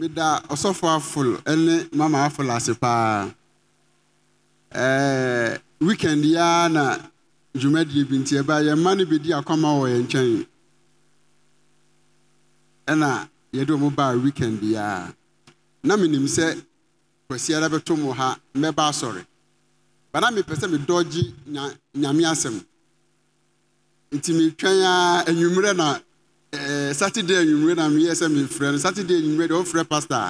meda ɔsɔfo afol ne mama afol ase paa ɛɛ weekend yaa na dwumadie bi nti ɛbaa yɛn mma no bɛdi akɔma wɔ yɛn nkyɛn ɛna yɛde wɔn baa weekend yaa na menim sɛ kwasi ara bɛto mo ha mmɛba asɔre bana mepɛ sɛ medɔgye nyame asɛm nti metwɛn a anwummerɛ na Eh, saturday awummere na meyɛ sɛ mefrɛ no saturday anwummereɛ deɛ wɔfrɛ pasto a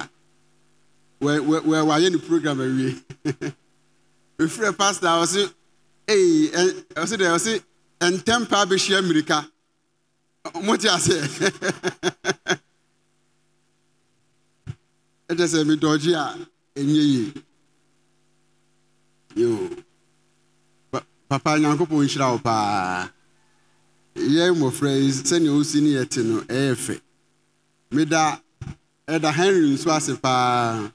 wɔwɔayɛ ne program awie mfrɛ pasto a ɔseɔsde ɔse ntɛm paa bɛhyia mmirika moteasɛ ɛkyɛ sɛ medɔgye a ɛnyɛ yi papa nyankopɔn nhyira wɔ paa yɛn mmɔfra yi sɛnea osi ne te no ɛyɛ fɛ meda ɛda henry nso ase paa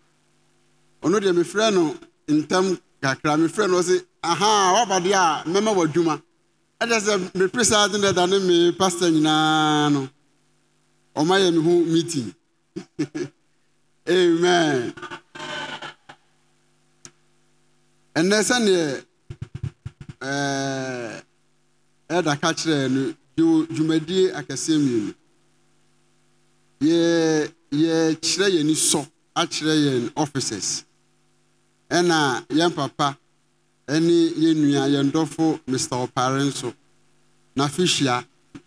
ɔno deɛ mefrɛ no ntam kakra mefrɛ no ɔse aha waba deɛ a mɛma w'adwuma ɛdɛ sɛ mepere saa de da ne me pasta nyinaa no ɔma yɛ me ho meeting amen ɛnɛ sɛneɛ ɛɛ ɛda ka kyerɛɛ no yɛwɔ dwumadie akɛseɛ mmienu yɛkyerɛ yɛn sɔ akyerɛ yɛn officers ɛna yɛn papa ɛne yɛn nua yɛn dɔfo mr ɔpare nso na fihyia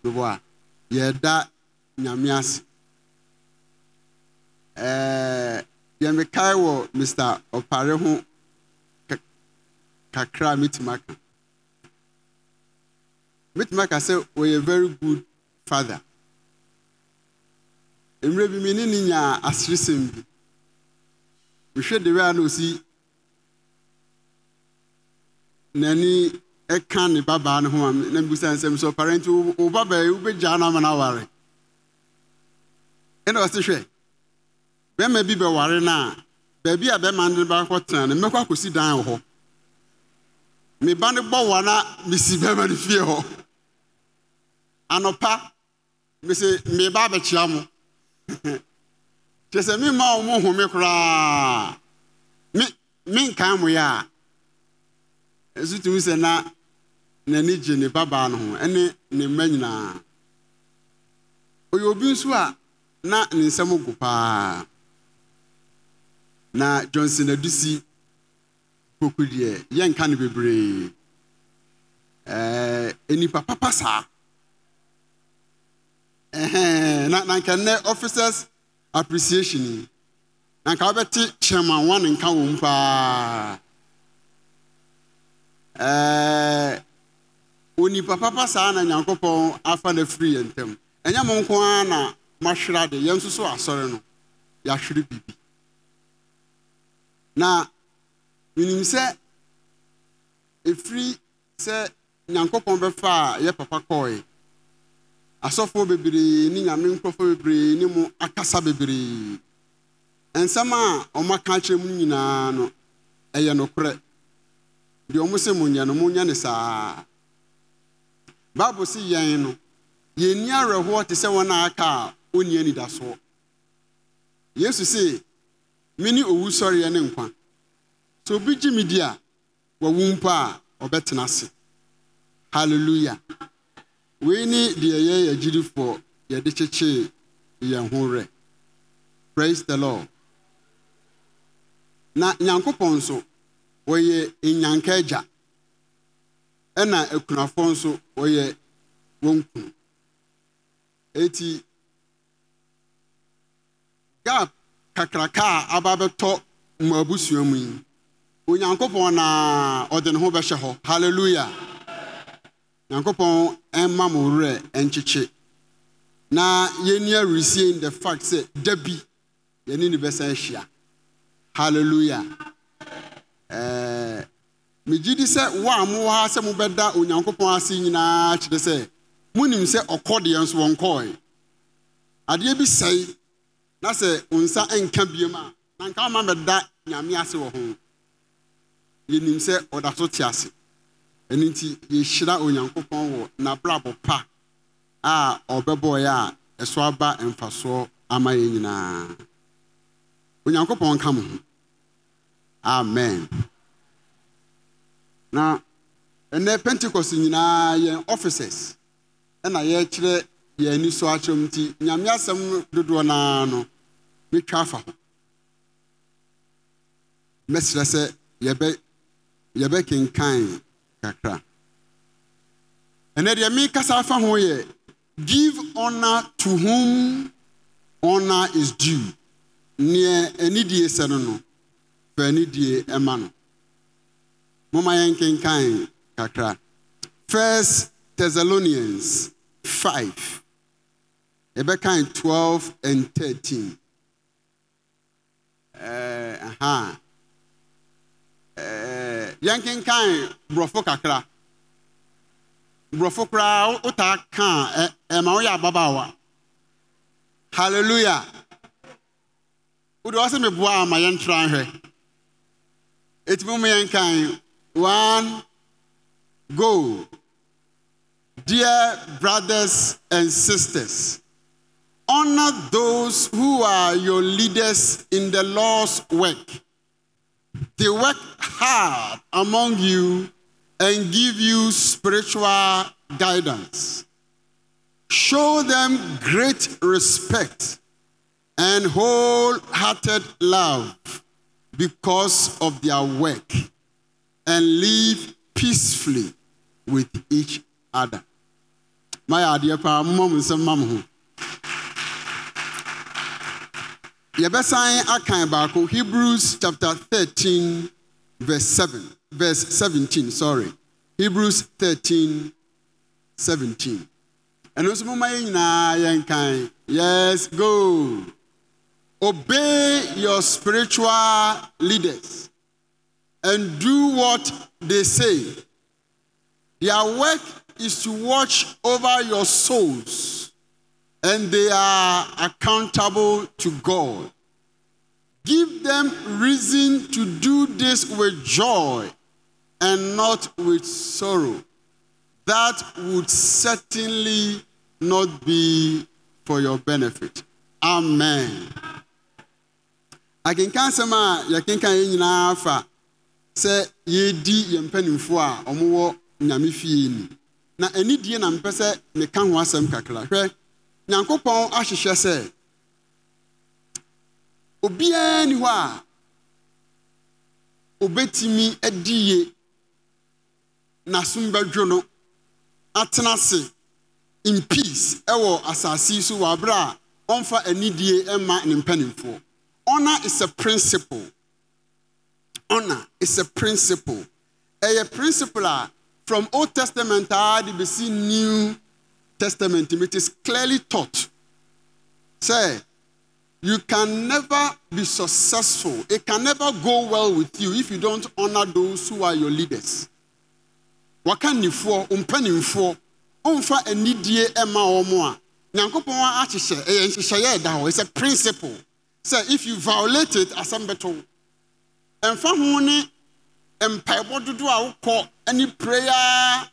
bɛbɔ a yɛda nyame ase ɛɛ deɛ mekae wɔ mr ɔpare ho kakra a metumi aka Meet mɛtumi aka "We're a very good father mmerɛ bi mi ne ne nyaa aseresɛm bi mehwɛ de wɛ see, na osi n'ani ɛka ne babaa ne ho a na mebisa nsɛm sɛ ɔpare nti wo babaa yi wobɛgyaa no ama no aware ɛna ɔse hwɛ bɛrima bi bɛware no a baabi a bɛrima no bɛakɔtena no mmɛkɔ akɔsi dan wɔ hɔ meba ne bɔwa na mesi bɛma no fie hɔ anɔpa mese meba abɛkyia mo kyerɛ sɛ memma wɔ mo home koraa menkan mo yɛ a ɛso tumi sɛ na n'ani gye ne babaa no ho ɛne ne mma nyinaa ɔyɛ obi nso a na ne nsɛm gu paa na johnson adusi koku deɛ yɛnka no bebree ɛɛ eh, enipa papa saa ɛhɛn na na nka nnɛ officers appreciation yi na nka wɔbɛte chairman one nka wɔn paa ɛɛ eh, onipa papa saa na nyankopɔn afa na firi yɛn ntɛm ɛnyɛ mo nko ara na mahwere ade yɛn nso so asɔre no yɛahwere bibi, na. menim sɛ efiri sɛ nyankopɔn bɛfa a yɛ papa kɔe asɔfoɔ bebree ne nyame nkurɔfoɔ bebree ne mu akasa bebree nsɛm a ɔmaka akyerɛ mu nyinaa no ɛyɛ nokorɛ deɛ ɔmo sɛ monyɛ no monyɛ ne saa bible si yɛn no yɛnni awerɛhoɔ te sɛ wɔn a aka a ɔnni anidasoɔ yesu se mene owusɔreɛ ne nkwa sɛ obi gye me di a wawu mpo a ɔbɛtena ase halleluya wei ne deɛ yɛyɛ agyidifoɔ yɛde kyekyee yɛn ho rɛ praise the lord na nyankopɔn nso wɔyɛ nyanka agya ɛna akunafoɔ nso wɔyɛ wɔn kunu eti gap kakraka a aba abɛtɔ mmoabusua mu yi onyankopɔn na ɔde ne ho bɛhyɛ hɔ halleluya nyankopɔn ɛmma mo werɛ ɛnkyekye na yɛni aweresie the fact sɛ da bi yɛne ne bɛsa ahyia halleluya megye di sɛ wo a mowɔ ha sɛ mobɛda onyankopɔn ase nyinaa kyerɛ sɛ monim sɛ ɔkɔ deɛ nso wɔnkɔe adeɛ bi sɛe na sɛ wo nsa nka biom a na nka woma mɛda nyame ase wɔ ho yɛnim sɛ ɔda so te ase ɛno nti yɛhyira onyankopɔn wɔ n'abrabɔ pa a ɔbɛbɔɔeɛ a ɛso aba mfasoɔ ama yɛn nyinaa onyankopɔn ka mo ho amen na ɛnɛ pentecost nyinaa yɛn officers ɛna yɛrekyerɛ yɛn ani so m nti nyame asɛm dodoɔ naa no metwa afa ho mɛsrɛ sɛ yɛbɛ yɛbɛkenkan kakra ɛnɛ deɛ mekasa afa ho yɛ give honor to whom honor is due neɛ anidie sɛ no no fa anidie ɛma no momma yɛnkenkan kakra first thessalonians 5 yɛbɛkan 12 and 13 uh, Eh, yɛnkenkan borɔfo kakra borɔfo koraa wotaa kaa ɛma eh, eh, woyɛ ababaawa halleluya wode wɔ sɛ meboa ama yɛntra nhwɛ ɛtumi mu yɛnkan one go dear brothers and sisters honor those who are your leaders in the lord's work they work hard among you and give you spiritual guidance. Show them great respect and wholehearted love because of their work and live peacefully with each other. My idea, mom, is a mom. yɛbɛsan akan baako hebrews chapter 13 verse 7 verse 17 sorry hebrews 13 17 And nso moma yɛn yes go obey your spiritual leaders and do what they say their work is to watch over your souls and they are accountable to God. Give them reason to do this with joy and not with sorrow. That would certainly not be for your benefit. Amen. akenka asɛm a yɛkenka yɛn nyinaa fa sɛ yɛredi yɛn mpanimfoɔ a wɔwɔ nyame fie ni na eni die na mpɛ sɛ meka ho asɛm kakra hwɛ nyankopɔn ahyehyɛ sɛ obiara ni hɔ a obetumi adi yie n'asom bɛdwo no atena ase in peace ɛwɔ asase yi so wɔ abere a ɔmfa anidie ɛma ne mpanimfoɔ honor is a principle honor is a principle ɛyɛ principle a from old testament a de besi new. Testament, it is clearly taught. Say, you can never be successful. It can never go well with you if you don't honor those who are your leaders. Wakanifo, umpanimfo, umfa enidie ema omoa. Nyankopon wa ahyehyɛ, ɛyɛ nhyehyɛeɛ da hɔ. It's a principle. Say if you violate it, asambeto. bɛtɔ. Ɛmfa ho ne mpaebɔ dodoɔ any prayer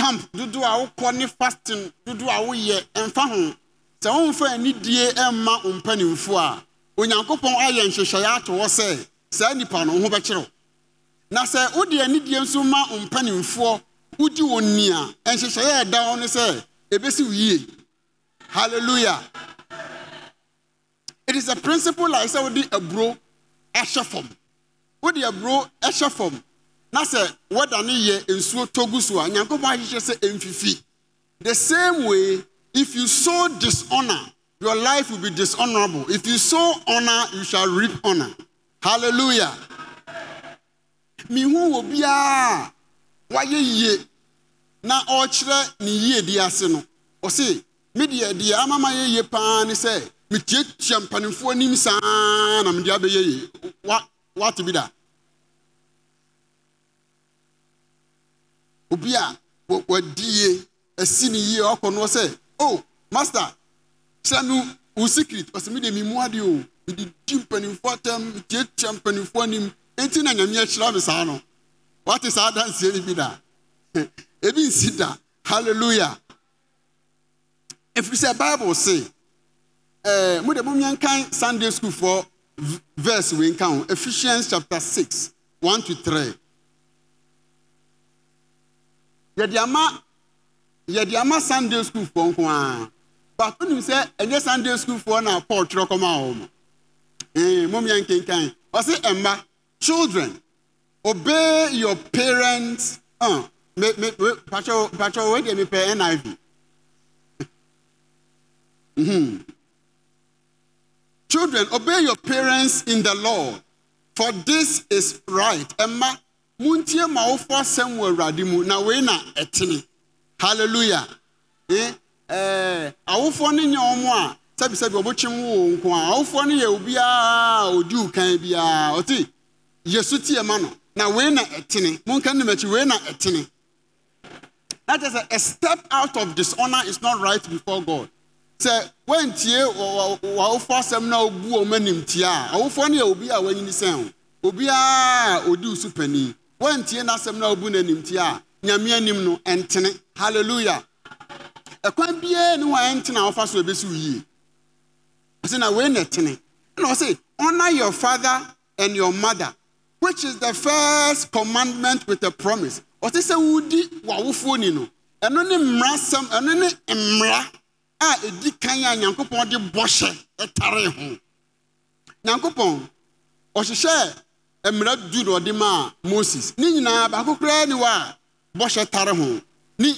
camp dodoɔ a wokɔ ne fasting dodoɔ a woyɛ mfa ho sɛ womfa anidie mma mpanimfoɔ a onyankopɔn ayɛ nhyehyɛeɛ ato hɔ sɛ saa nnipa no wo ho bɛkyerɛw na sɛ wode anidie nso ma mpanimfoɔ wodi wɔn ni a nhyehyɛeɛ a ɛda hɔ no sɛ ɛbɛsi wo yie hallelujah it is a principle like sɛ wode aburo ahyɛ fam wode aburo ɛhyɛ fam na sɛ wɔda ne yɛ nsuo togu so a nyankopɔn ahyehyɛ sɛ ɛmfifi the same way if you sow dishonor your life will be dishonorable if you sow honor you shall reap honor hallelujah mihu wɔ biara wayɛ yie na ɔrekyerɛ ne yie ase no ɔse me deɛ deɛ ama ma yɛ yie paa ne sɛ metuatua mpanimfoɔ anim saa na mede abɛyɛ yie wa wate bi da obi a wadi yie esi ne yie ɔkɔ no sɛ o oh, master kyerɛ no wo secret ɔsɛ mi de mi mu adi o mede di mpanimfoɔ atɛm tiatia mpanimfoɔ anim enti na nyame akyerɛ me saa no wate saa danseɛ no bi da ebi nsi da hallelujah ɛfiri sɛ bible se ɛɛ eh, mo sunday school for verse wei nka ho ephesians chapter six one to three yɛde ama yɛde ama sunday school foɔ nko ara baako nim sɛ ɛnyɛ sunday school foɔ na paul twerɛ kɔma wɔn ee mom yɛn kenkan ɔsi children obey your parents uh, me me me patro patro niv. hmm Children, obey your parents in the Lord, for this is right. Emma, montie ma wofo asɛm wɔ awurade mu na wei na ɛtene halleluya eh, eh, awofoɔ no nyɛ ɔmo a sɛbisɛbi ɔbotwem wo nko a awofoɔ no yɛ obiara ɔdi wo biara ɔte yesu teɛ ma no na wei na ɛtene monka ne makyi wei na ɛtene na kyɛ a step out of dishonor is not right before god sɛ woantie w'awofoɔ asɛm na wobu ɔma nimtia a awofoɔ no yɛ obi a wanyini sɛn ho obiara a wo so panin wɔntie n'asɛm na ɔbu n'anim tie a nyame anim no hallelujah ɛkwan biara ne wɔn ɛntene a wɔfa so ebesi yie na wei na No ɛna honour your father and your mother which is the first commandment with a promise ɔsɛ sɛ wodi w'awofoɔ ni no ɛno ne mmara sɛm ɛno ne mmara a ɛdi kan a nyankopɔn de bɔhyɛ ɛtare ho nyankopɔn ɔhyehyɛ mmara du na ɔde maa moses ne nyinaa baako koraa ni wa a bɔhyɛ tare ho ne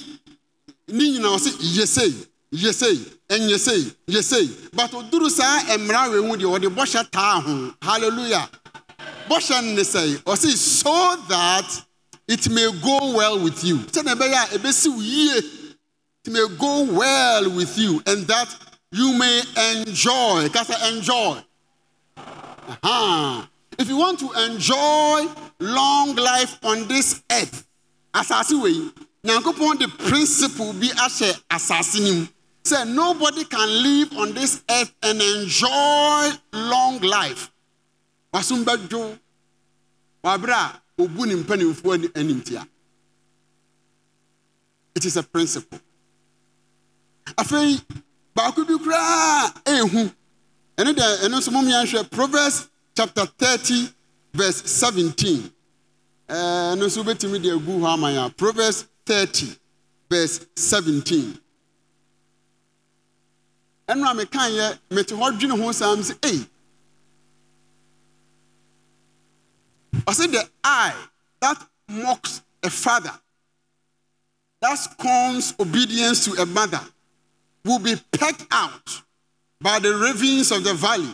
ne nyinaa ɔsɛ yesei yesei ɛnyesei yesei but oduru saa mmara wei ho deɛ ɔde bɔhyɛ taa ho hallelujah bɔhyɛ ne sɛe so that it may go well with you ɛbɛyɛ a ɛbɛsi yie it may go well with you and that you may enjoy kasa enjoy. Uh -huh. If you want to enjoy long life on this earth, asase wei, nyankopɔn the principle bi ahyɛ asase ni mu. Say nobody can live on this earth and enjoy long life. Wasumbadwo wabra obu ne mpanimfoɔ animtia. It is a principle. Afei baako bi koraa ehu ɛne deɛ ɛno nso mo mmiɛnhwɛ Proverbs chapter 30, verse 17. And also, bet me the Proverbs 30, verse 17. And Ramekanya, Metuhodrin Hosam say, Hey, I said, the eye that mocks a father, that scorns obedience to a mother, will be pecked out by the ravens of the valley.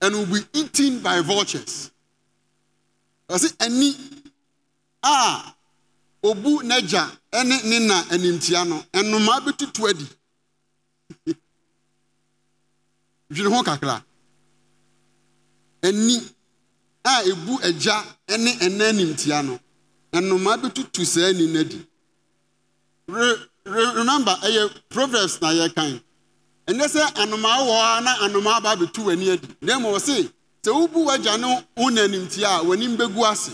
wbe eaten by vuucues sɛ ani a ɔbu n'agya ne ne na animtia no ɛnomaa bɛtutu adi dwene ho kakra ani a ɛbu agya ne ɛna animtia no ɛnomaa bɛtutu saa ani no adi eremember ɛyɛ proverbs na yɛr kan ɛnyɛ sɛ anomaowo a na anomaabaa bɛtu w'ani adi dea mmuwɔ se sɛ wobu w'agya ne wo na animtii a w'anim bɛgu ase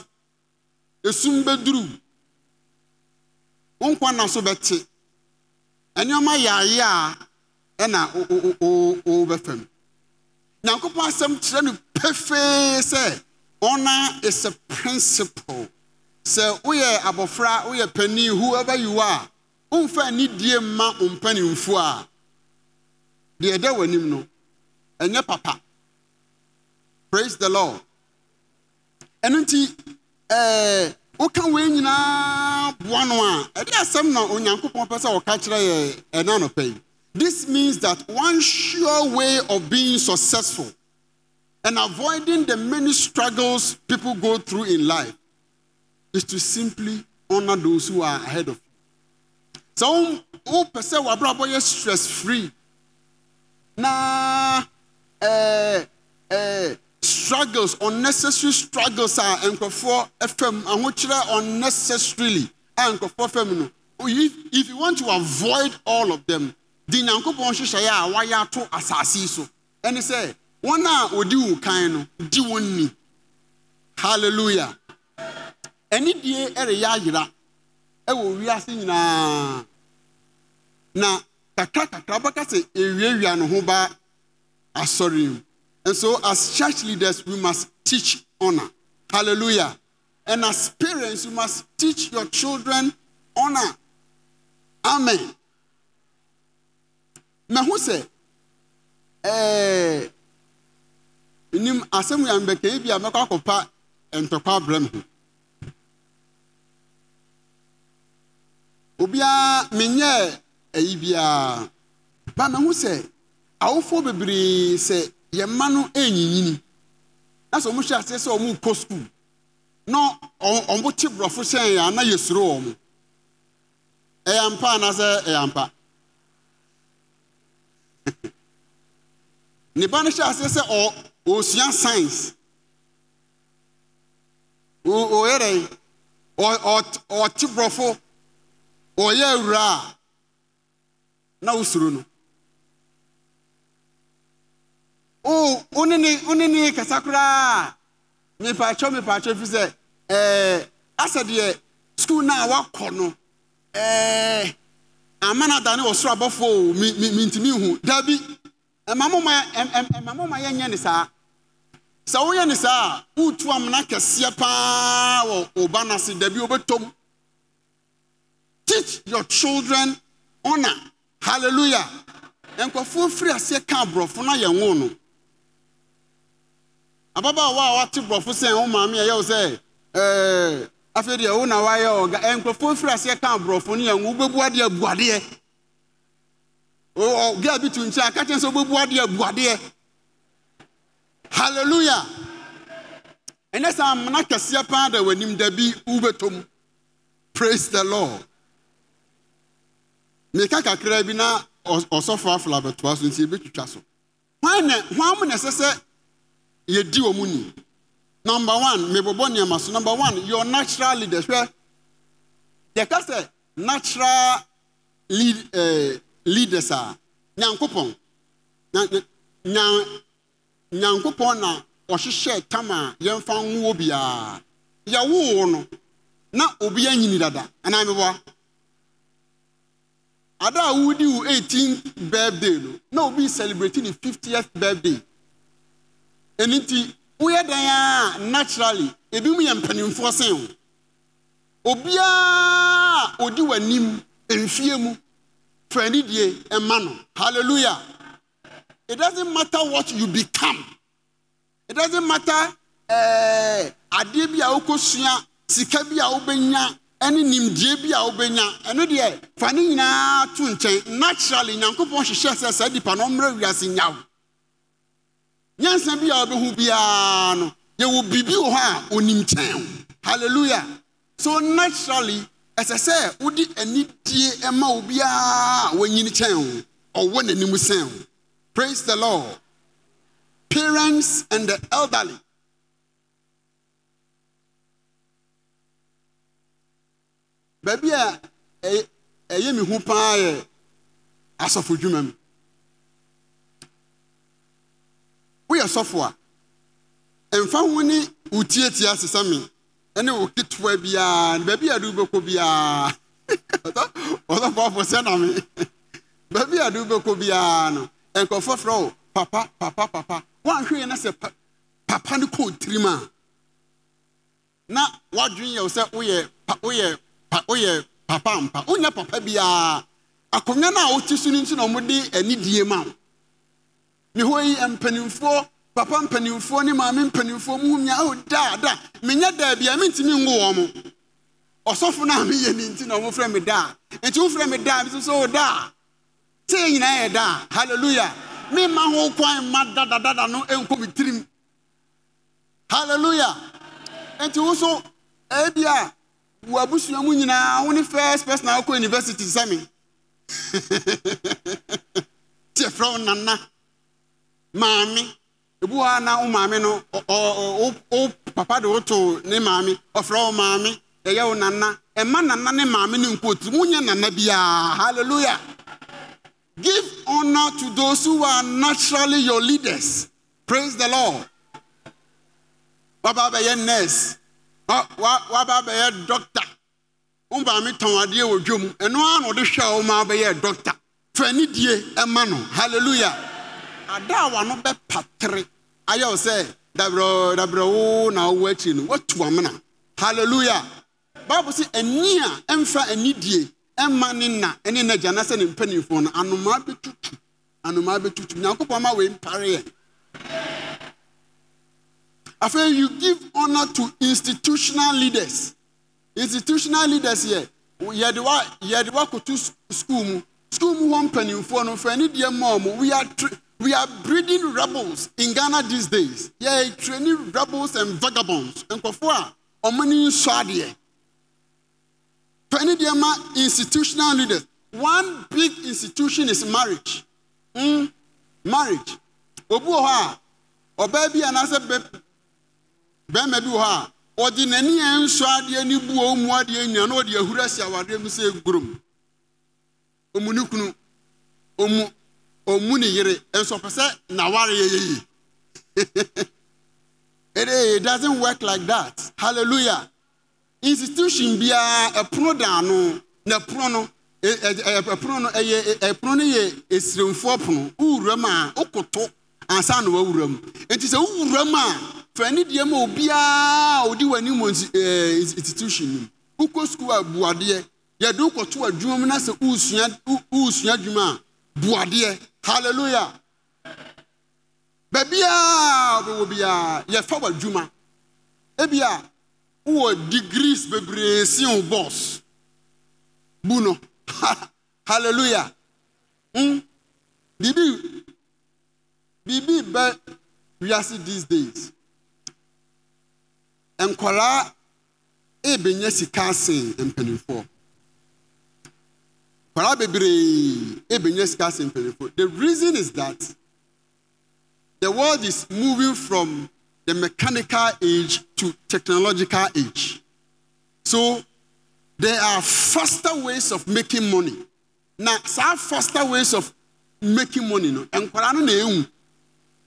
ɛsum bɛduru wonkwa na so bɛte ɛne ɔma yɛayɛ a ɛna wobɛfa mu nyankopɔn asɛm kyerɛ no pefee sɛ ɔna sɛ prinsiple sɛ woyɛ abɔfra woyɛ panii ho ɔba yiwɔ a womfa ani die mma ompa nemfu a deɛ ɛda w'anim no ɛnyɛ papa praise the lord ɛno nti ɛɛ woka wei nyinaa boa no a ɛde asɛm na onyankopɔn pɛ sɛ ɔka kyerɛ yɛ ɛna no this means that one sure way of being successful and avoiding the many struggles people go through in life is to simply honor those who are ahead of you. So, who pese wabrabo stress free na ɛɛ eh, ɛɛ eh, struggles unnecessary struggles a nkurɔfoɔ fam ahokyerɛ unnecessarily a nkurɔfoɔ fam no oh, if if you want to avoid all of them di nyankopɔn hyehyɛeɛ a wayɛ ato asase so ɛne sɛ wɔn a wɔdi wo kan no di wɔn ni hallelujah ɛne die reyɛ ayera wɔ wiase nyinaa na Kaka kaka sɛ ɛwiawia ne ho ba asɔre mu and so as church leaders we must teach honor hallelujah and as parents you must teach your children honor amen mahu sɛ ɛɛ nim asɛm yɛ mbɛkɛyi bi a mɛkɔ akɔpa ntɔkwa abrɛ me ho obiara ɛyi biara ba na ho sɛ awofoɔ bebree sɛ yɛn mma no ɛnyinyini na sɛ wɔn hyɛ aseɛ sɛ wɔn rekɔ sukuu na wɔn te borɔfo hyɛn yɛn ana yɛsuro wɔn ɛyɛ ampa anaasɛ ɛyɛ ampa ne ba no hyɛ aseɛ sɛ ɔ ɔresua science ɔyɛ dɛ ɔte borɔfo ɔyɛ awura a. na usoro no wone ne kasa koraa mepaakyɛw mepaakyɛw fi sɛ ɛɛ asɛ deɛ sukuu no a wakɔ no ɛɛ amanada ne ɔsoro abɔfoɔ o mi mi mi hu dabi ɛma mo ma ɛm ɛma yɛnyɛ ne saa sɛ woyɛ ne saa a wotu amena kɛseɛ paa wɔ ɔba dabi obɛtɔm teach your children honor. halleluya nkurɔfoɔ firi aseɛ ka aborɔfo a wate borɔfo sɛn wo maame ɛyɛ wo sɛ eh, afei deɛ wo na woayɛ ɔga nkurɔfoɔ firi aseɛ ka aborɔfo no yɛ nwo wobɛbu bi tu aka sɛ wobɛbu halleluya ɛnɛ sɛ amena paa da w'anim da bi wobɛtɔ mu praise the lord mmirika kakra bi na ɔsɔfo afla abɛtoa so nti ebetwitwa so hwan na hwan mu na ɛsɛ sɛ yɛdi wɔn ni number one mebobɔ nneɛma so number one your natural leader hwɛ yɛka sɛ natural lead ɛɛ eh, leaders a nyankopɔn na nya nyankopɔn na ɔhyehyɛ tam a yɛmfa nwoo biara yɛwoo no na obi anyini dada anaa meboa ada a wodi 18th birthday no na obi celebrate ne 50th birthday ɛno nti woyɛ dan a naturally ebinom yɛ mpanimfoɔ sen ho obiara a odi w'anim mfie mu fa anidie ɛma no hallelujah it doesn't matter what you become it doesn't matter ɛɛ eh, adeɛ bi a wokɔsua sika bi a wobɛnya Any nimdie bi a wobɛnya ɛno deɛ fa ne nyinaa to nkyɛn naturally nyankopɔn hyehyɛ sɛ saa nipa no ɔmmrɛ wiase nya wo nyansa bi a wobɛhu biara no yɛwɔ biribi wɔ hɔ a ɔnim kyɛn halleluya so naturally ɛsɛ sɛ wode anidie ma wo biara a wanyini kyɛn wo ɔwɔ n'anim sɛn praise the lord parents and the elderly baabi a ɛyɛ me ho paa yɛ asɔfo dwuma mu woyɛ sɔfo a mfa ho ne wo tietia asesɛ me ne wo ketewa biaa n baabi adwbkɔ biaassɛname baabi aderbɛkɔ biaa no nkɔfoɔfrɛ o papaaaapa woanhwe yɛ no sɛ papa no kɔɔ tirim a na w'adwene yɛwo sɛ woywoyɛ pa woyɛ papa mpa wonya papa biara akonnwa no a wote so no nti na ɔmode anidie ma wo ne hɔ yi mpanimfoɔ papa mpanimfoɔ ne maame mpanimfoɔ mu nyɛ oh daadaa menyɛ daa bia mentumi ngo wɔn mo ɔsɔfo no a meyɛ ne nti na ɔmofrɛ me daa nti wofrɛ me daa biso sɛ wo oh, daa sɛ nyinaa yɛ daa halleluya memma ho kwan mma dadadada no nkɔ me tirim halleluya nti wo so ebia wabusua mu nyinaa wo first person a wokɔ university sɛ me tiɛfrɛ wo nana maame ebi hɔ a na wo maame no wo papa de woto ne maame ɔfrɛ wo maame ɛyɛ wo nana ɛma nana ne maame ne nkootu wonyɛ nana biara hallelujah give honor to those who are naturally your leaders praise the lord wabaa bɛyɛ nurse waba bɛyɛ dɔkta wo baame tɔn adeɛ wɔ dwom ɛno ara na ɔde hwɛ a wo ma bɛyɛ dɔkta fa ne die ɛma no halleluya ada a wano bɛpatere ayɛ wo sɛ dabrɛ dabrɛ wo na wowɔ akyi no woatu amena halleluya bible sɛ ani a ɛmfa anidie ɛma ne na ne n'agya na sɛ ne mpanimfoɔ no anomaa bɛtutu anomaa bɛtutu nyankopɔn ma wei mpareɛ I feel you give honor to institutional leaders. Institutional leaders here. Yɛdewa yɛdewa koto school mu school mu hɔ mpanimfoɔ no fɛn we are we are breeding rebels in Ghana these days yɛ training rebels and vagabonds and a wɔn ani nsɔ adeɛ fɛn ne deɛ institutional leaders one big institution is marriage mm, marriage obu wɔ and a bɛrima bi hɔ a ɔde n'ani a nsɔ adeɛ ne bu a ɔmu adeɛ nyina na ɔde ahuru asi awadeɛ mu sɛ egurom ɔmu ne kunu ɔmu ɔmu ne yere nso ɔpɛ sɛ n'aware yɛ yeye it, it doesn't work like that hallelujah institution biara ɛpono da ano na ɛpono no ɛpono no ɛyɛ ɛpono no yɛ esiremfoɔ pono owura mu a okoto ansa na wawura mu nti sɛ owura mu a. Fani ani deɛ ma obiara a ɔdi w'anim wɔ institution no mu sukuu a buadeɛ yɛde wokɔto adwuma mu na sɛ woresua adwuma a buadeɛ halleluya baabiara wobɛwɔ biara yɛfa w'adwuma ebia wowɔ degrees bebree si wo bɔs bu no halleluya mm? biribi biribi bɛ wiase these days nkwaraa rebɛnya sika asen mpanimfoɔ nkwaraa bebree rebɛnya sika asen mpanimfoɔ the reason is that the world is moving from the mechanical age to technological age so there are faster ways of making money na saa faster ways of making money no nkwaraa no na ewu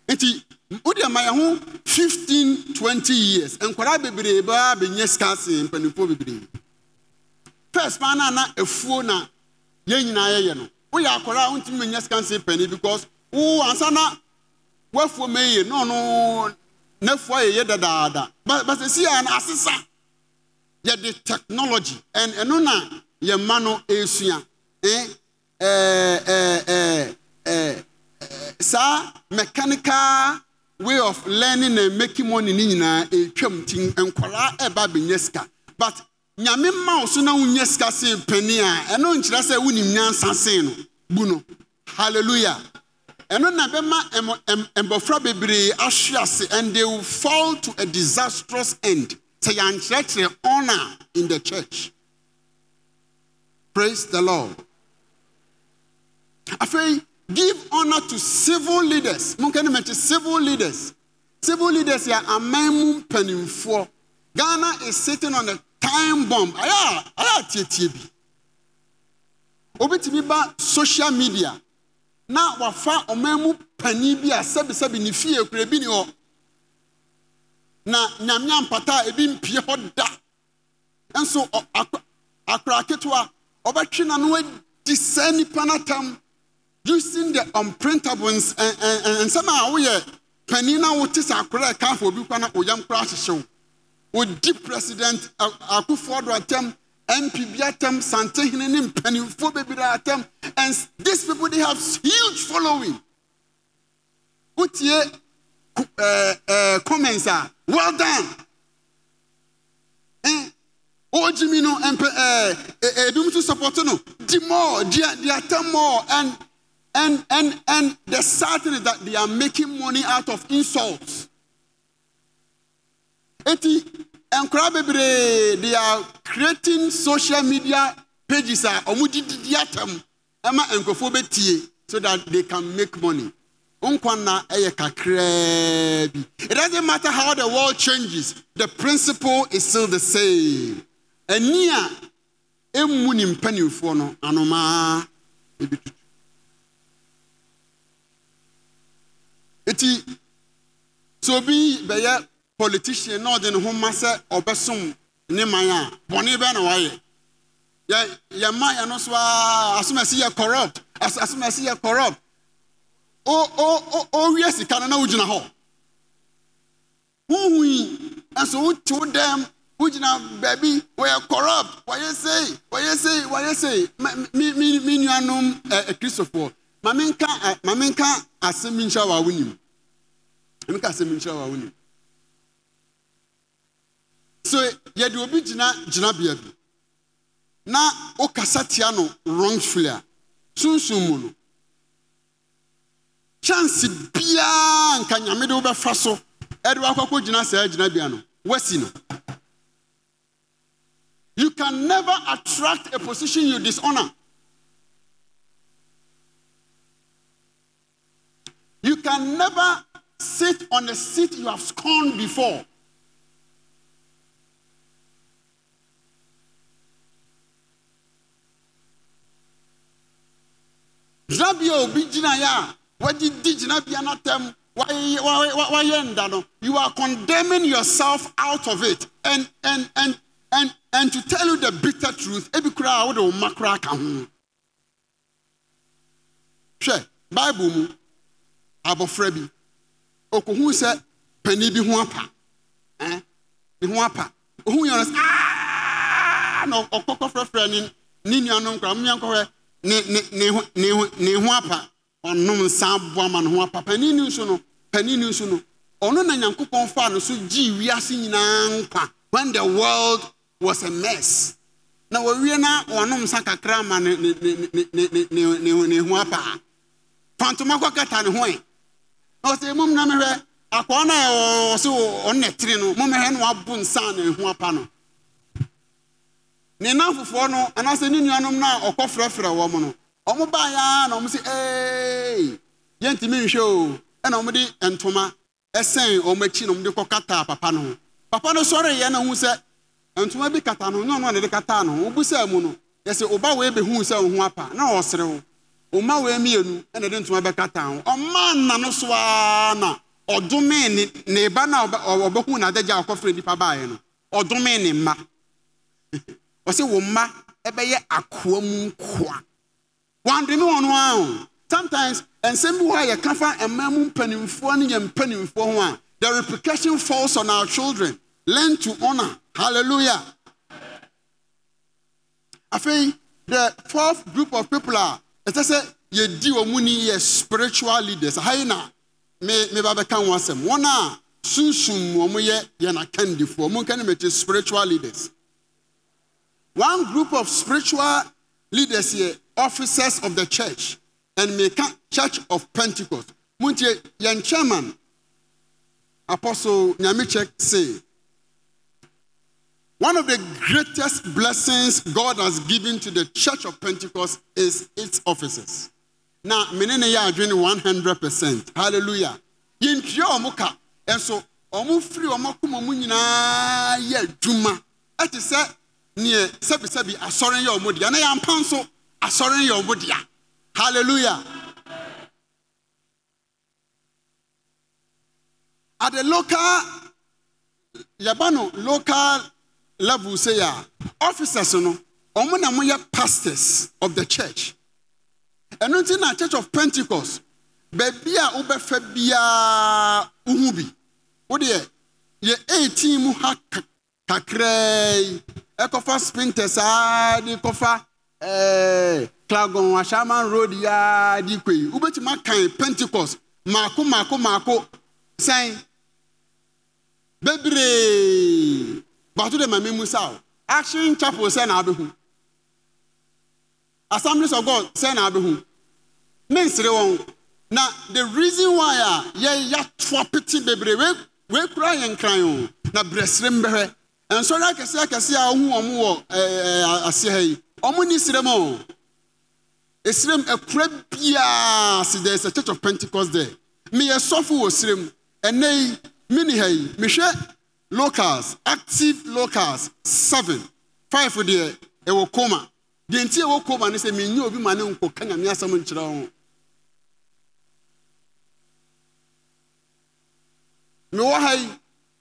nti. wode ama yɛ ho 15 20 years nkwadaa bebree baa bɛnya sika mpanimfoɔ bebree first paa na na afuo na yɛn nyinaa yɛyɛ no woyɛ akwadaa wontumi pani because wo ansa na woafuo ma yie na ɔno n'afuo ayɛyɛ dadaada si a no asesa yɛde technology and ɛno na yɛn mma no esua ɛɛ ɛɛ ɛɛ ɛɛ saa mechanical way of learning and making money in a ɛretwam eh, and nkwaraa ɛreba eh, abɛnya but nyame ma wo so na wonya sika sen pani a ɛno no bu hallelujah And na bɛma mbɔfra bebree ahwe ase and they will fall to a disastrous end sɛ yɛankyerɛkyerɛ honor in the church praise the lord afei Give honor to civil leaders. Monkenimeti, civil leaders. Civil leaders are amemu penimfo. Ghana is sitting on a time bomb. Aya, aya Obi Obetimi ba social media. Na wafa omemu panibi a sebi sebi ni fie kurebi ni Na nyamia mpata ebi mpie hɔ da. Nso akora ketewa ɔbɛtwe na adi di nipa panatam using the unprintables eh, eh, eh, and a woyɛ panin na wote sɛ akora ɛka afɔ obi kwan na oyam kora ahyehyɛ wo wodi president uh, akufoɔdo atem mp bi atɛm santehene ne mpanimfoɔ bebree atem and these people they have huge following wotie ɛɛ ɛɛ comments are well done ɛn ɔgye mi no mpɛ ɛɛ ɛdum to support no di more di di more and. And and and the sad thing is that they are making money out of insults. Eti nkora they are creating social media pages that ah, wɔn didi atam ɛma nkurɔfoɔ so that they can make money. It doesn't matter how the world changes, the principle is still the same. no nti sɛ obi bɛyɛ politician na ɔde ne ho ma sɛ ɔbɛsom nne man a bɔne bɛ na wayɛ yɛ mma yɛ no so a asomsyɛ crptasomsi yɛ cɔrupt ɔwia sika no na wo gyina hɔ wohu i nso wote wo dɛm wo gyina baabi wɔyɛ cɔrpt yɛɛyɛsei me nuanom kristofoɔ ma eh, nka asɛm nhyira wɔ awo nim nka asɛm nhyira wɔ awo nim so yɛde obi gyina gyinabea bi na wokasa tia no wrongfully a sunsun mu no chance biara nka nyame de wobɛfa so ɛde wakɔkɔ gyina saa gyinabea no wasi no you can never attract a position you dishonour. You can never sit on a seat you have scorned before. no you are condemning yourself out of it and and and and and to tell you the bitter truth every crowd a wode bible abɔfra bi okohu sɛ panin bi ho apa ɛn ne ho apa ohu yɛn sɛ aaaa na ɔkɔkɔ frɛfrɛ ne ne nuanom kora mo nuanom kɔhɛ ne ne ne ho ne ho apa ɔnom nsa aboa ne ho apa panin ne nso no panin ne nso no ɔno na nyankopɔn faa no so gyee wiase nyinaa nkwa when the world was a mess na we na wɔnom nsa kakra ma ne ne ne ne ne ne ne ho apa fantoma kɔkata ne ho ɛ. ɔsɛ mom na mehwɛ akɔɔ no a ɔso ɔnɛ tiri no momehwɛ ne wabo nsa na ɛho apa no ne nam fofoɔ no anaasɛ ne nuanom no a ɔkɔ frɛfrɛ wɔ m no ɔmo baeɛ na ɔmo sɛ ee yɛntumi nhwɛ o ɛna ɔmode ntoma ɛsɛn ɔmo akyi na ɔmode kɔkataa papa no ho papa no sɔreyɛ na hu sɛ ntoma bi kata no nyɛ ɔno a ne de kataa no ho wobu sɛ mu no yɛsɛ woba wei bɛhuu sɛ wo ho apa na ɔsere wo Oma wee mmienu na ɛde ntoma bɛkata ho ɔma nna no so ara na ɔdome ne ne ba na ɔbɛhu n'adagya a ɔkɔfrɛ nipa baeɛ no ɔdome ne mma ɔsi wɔn mma ɛbɛyɛ akoa mu nkoa wɔandome wɔn no ara sometimes nsɛm bi hɔ a yɛka fa mmaa mu mpanimfoɔ ne yɛ mpanimfoɔ a the repercussion falls on our children learn to honour hallelujah afei the fourth group of people are ɛsɛ sɛ yɛdi wɔ mu ni yɛ spiritual leaders hayi na me me ba bɛka wɔn asɛm wɔn a sunsun mu wɔn yɛ yɛn akandifoɔ wɔn nkan mɛte spiritual leaders one group of spiritual leaders yɛ officers of the church and meka church of pentecost mo n tie yɛn chairman apostle nyamikyɛ say. One of the greatest blessings God has given to the Church of Pentecost is its offices. Now, menene yɛ adwene 100%. Hallelujah. Yɛntua ɔmo and so ɔmo firi ɔmo akoma mu nyinaa yɛ adwuma. Ɛte sɛ neɛ sɛbisɛbi asɔre yɛ ɔmo dea, na yɛampa nso asɔre yɛ ɔmo dea. Hallelujah. At the local, yabano local level say ya officers no ɔmo na mo moyɛ pastors of the church ɛno nti na church of pentecost baabi a wobɛfa biara wohu bi wodeɛ yɛ 18 mu ha kakraa yi ɛkɔfa sprinter saa de kɔfa ɛɛ eh, clagon ashaman road ya di kɔ yi wobɛtumi akan pentecost maako maako maako sɛn bebree. bto dɛ mammu saw asee nkyapo sɛ neabhu assemblis of god sɛneahumensere w na the reason wy a ah, yɛya toa pete bebree we kura yɛ nkran na berɛ serɛm bhwɛ nsre kɛsekɛseɛa ɔus hyi ɔmone serɛm sirm kra biaa se dɛ s a church of pentecost e meyɛ sɔfo wɔ srɛm nyinhiɛ locals active locals seven five deɛ ɛwɔ eh, coma The entire ɛwɔ coma no sɛ menye obi mane ne kanya nyame asɛm nkyerɛ ho mewɔ ha yi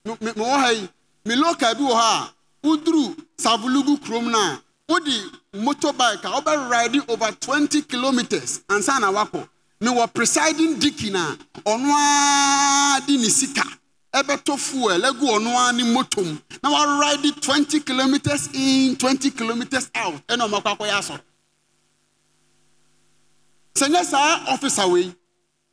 mewɔ ha yi me local bi wɔ hɔ a savulugu kurom no a motorbike a wobɛride over 20 kilometers ansa na me mewɔ presiding dikina onwa di ara sika ɛbɛtɔ fuel ɛgu ɔno ara ne moto mu na wɔaride twenty kilometres in twenty kilometres out ɛna wɔn akɔ akɔyɛ asɔre sɛ nyɛ saa ɔfisa wei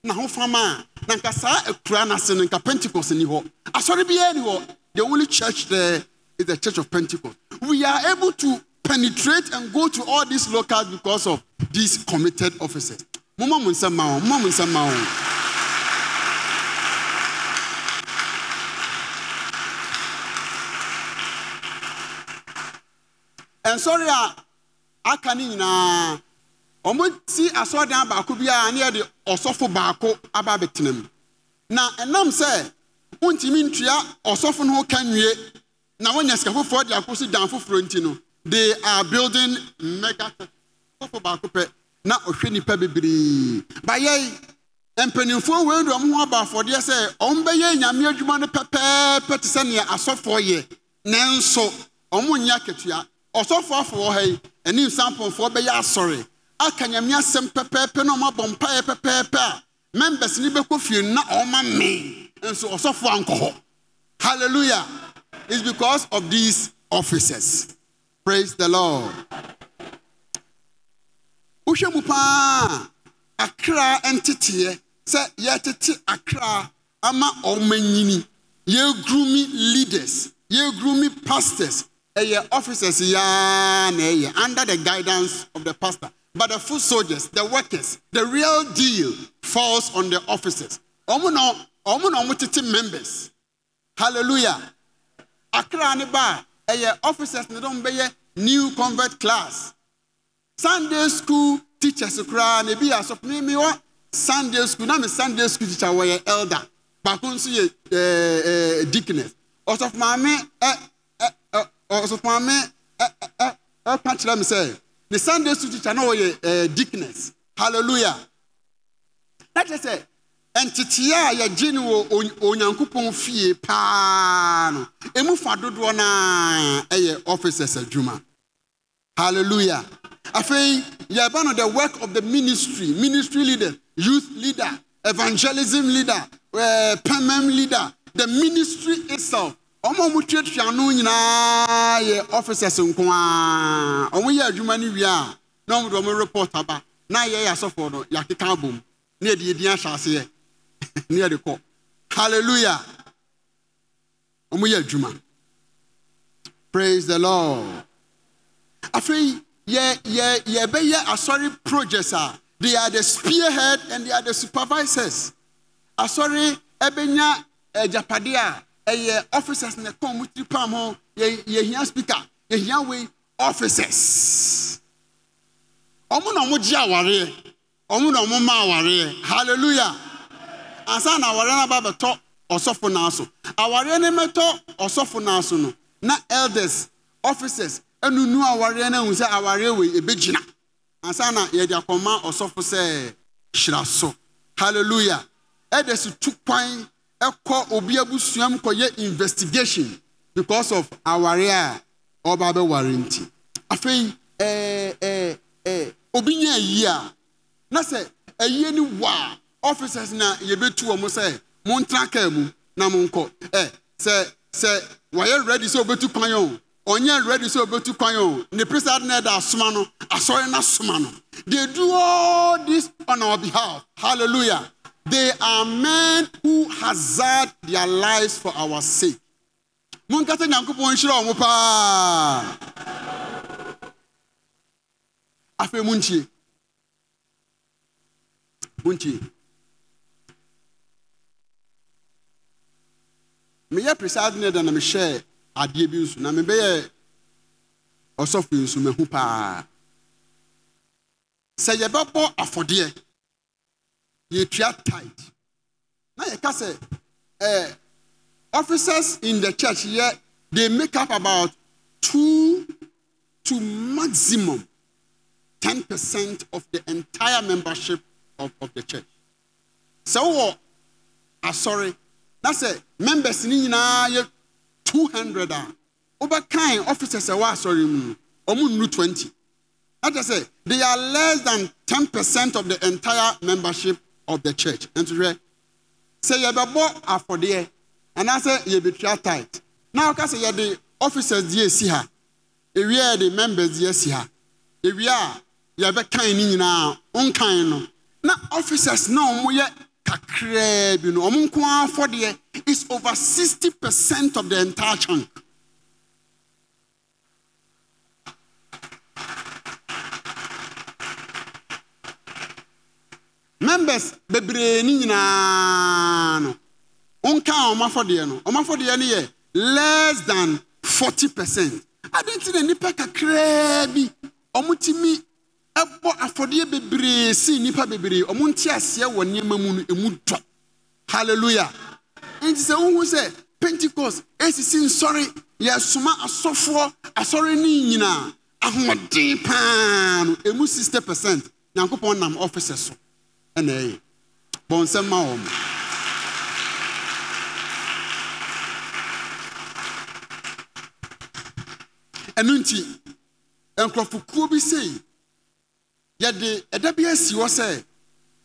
n'ahofama a na nka saa akura n'ase no nka pentecost ni hɔ asɔre biara ni hɔ the only church there is the church of pentecost we are able to penetrate and go to all these locals because of these committed officers mo ma mo nsɛm ma wɔn mo ma mo nsɛm ma wɔn. nsɔre ah, ah, a aka ne nyinaa wɔsi asɔredan baako bi a ne yɛde ɔsɔfo baako aba abɛtena mu na nam sɛ wontumi ntua ɔsɔfo no ho ka nwie na wonya sika foforɔ de akɔ dan foforɔ nti no they are building mega ɔsɔfo baako pɛ na ɔhwɛ nipa bebree bayɛi mpanimfoɔ wei de ɔmo ho aba afɔdeɛ sɛ ɔmo bɛyɛ nyame adwuma no pɛpɛɛpɛ te sɛ nea asɔfoɔ yɛ nanso ɔmo nyɛ akatua ɔsɔfoɔ afɔwɔ ha yi ɛne nsampɔnfoɔ bɛyɛ asɔre aka nyame asɛm pɛpɛɛpɛ na ɔmabɔ mpaeɛ pɛpɛɛpɛ a members ni bɛkɔ fie na ɔma me nso ɔsɔfoɔ ankɔ hɔ hallelujah it's because of these officers praise the lord wohwɛ mu paa akra nteteɛ sɛ yɛtete akra ama ɔma nyini leaders yɛgrumi pastors the officers yeah under the guidance of the pastor but the foot soldiers the workers the real deal falls on the officers ɔmo na members hallelujah akra ne officers ne new convert class sunday school teachers akra na ebi miwa. sunday school na mi sunday school teacher wɔyɛ elder baako nso yɛ ɛɛ deaconess Eh, ɔsɔfo ame ɛɛ ɛka kyerɛ mi sɛ ne sunday school teacher na ɔyɛ ɛɛ deaconess hallelujah na kyerɛ sɛ ntetea a yɛgye no wɔ onyankopɔn fie paa no emu fa dodoɔ naa ɛyɛ officers adwuma hallelujah afei yɛba no the work of the ministry ministry leader youth leader evangelism leader uh, permanent leader the ministry itself Omo ɔmo tuatua ano nyinaa yɛ officers nko ara ɔmo yɛ adwuma no wie a na ɔmo de ɔmo report aba na yɛyɛ asɔfoɔ no yɛakeka abom na yɛde di ahyɛ aseɛ na yɛde kɔ hallelujah ɔmo yɛ adwuma praise the lord afei yɛ yɛ yɛbɛyɛ asɔre projects a they are the spearhead and they are the supervisors asɔre ɛbɛnya agyapade eh, a. ɛyɛ officers na ɛtɔn mu tiri pam ho yɛ yɛhia speaker yɛhia wei officers wɔn na wɔn gye awareɛ wɔn na wɔn ma awareɛ hallelujah ansa na awareɛ na ba bɛtɔ ɔsɔfo n'aso awareɛ no mɛtɔ ɔsɔfo n'aso no na elders officers ɛnunu awareɛ na ehun sɛ awareɛ ebe ebegyina ansa na yɛde akɔma ɔsɔfo sɛ hyira so hallelujah elders tu kwan. ɛkɔ obi abusua mu kɔyɛ investigation because of aware a ɔba abɛware nti afei ɛɛ ɛɛ ɛɛ obi nyɛ ayie a na sɛ ayie ni wa officers na yɛbɛtu wɔn sɛ mo ntena kaa mu na mo nkɔ ɛ sɛ sɛ wɔyɛ ready sɛ obetu kwan yɛn ɔnyɛ ready sɛ obetu kwan yɛn o ne prisa adi na ɛda asoma no asɔre na asoma no they do all this on our behalf hallelujah. They are men who hazard their lives for our sake. Munkata nyankopɔn nhyira wɔn paa. Afei muntie. Muntie. Meyɛ precise ne da na mehyɛ adeɛ bi nso na mebɛyɛ ɔsɔfo nso mahu paa. Sɛ yɛbɛbɔ afɔdeɛ. yɛtua tight na yɛka sɛ ɛɛ officers in the church yɛ they make up about two to maximum ten percent of the entire membership of, of the church sɛ wɔ asɔre na sɛ members ni nyinaa yɛ two hundred a wobɛkan officers ɛwɔ asɔre mu no nnu twenty na kyerɛ sɛ they are less than ten percent of the entire membership of the church. And to say, you have a bought for year, and I say, you betray tight. Now, because you have the officers, you see her. If we are the members, you see her. If we are, you have a kind in our own kind. Now, officers, no, we a kakre, you know, for the year there is over 60% of the entire chunk. members bebree ne nyinaa no wonka wɔn afɔdeɛ no wɔn no yɛ less than forty percent adeɛ nti na nipa kakraa bi wɔn ti mi ɛbɔ afɔdeɛ bebree si nipa bebree wɔn nti aseɛ wɔ nneɛma mu no emu dɔ hallelujah nti sɛ wohu sɛ pentecost esisi nsɔre yɛsoma asɔfoɔ asɔre ne nyinaa ahoɔden paa no emu sixty percent nyankopɔn nam ɔfisɛ so. ɛna ɛyɛ bɔ nsɛm ma wɔn. ɛno nti nkurɔfokuo bi sei yɛde ɛda bi asi hɔ sɛ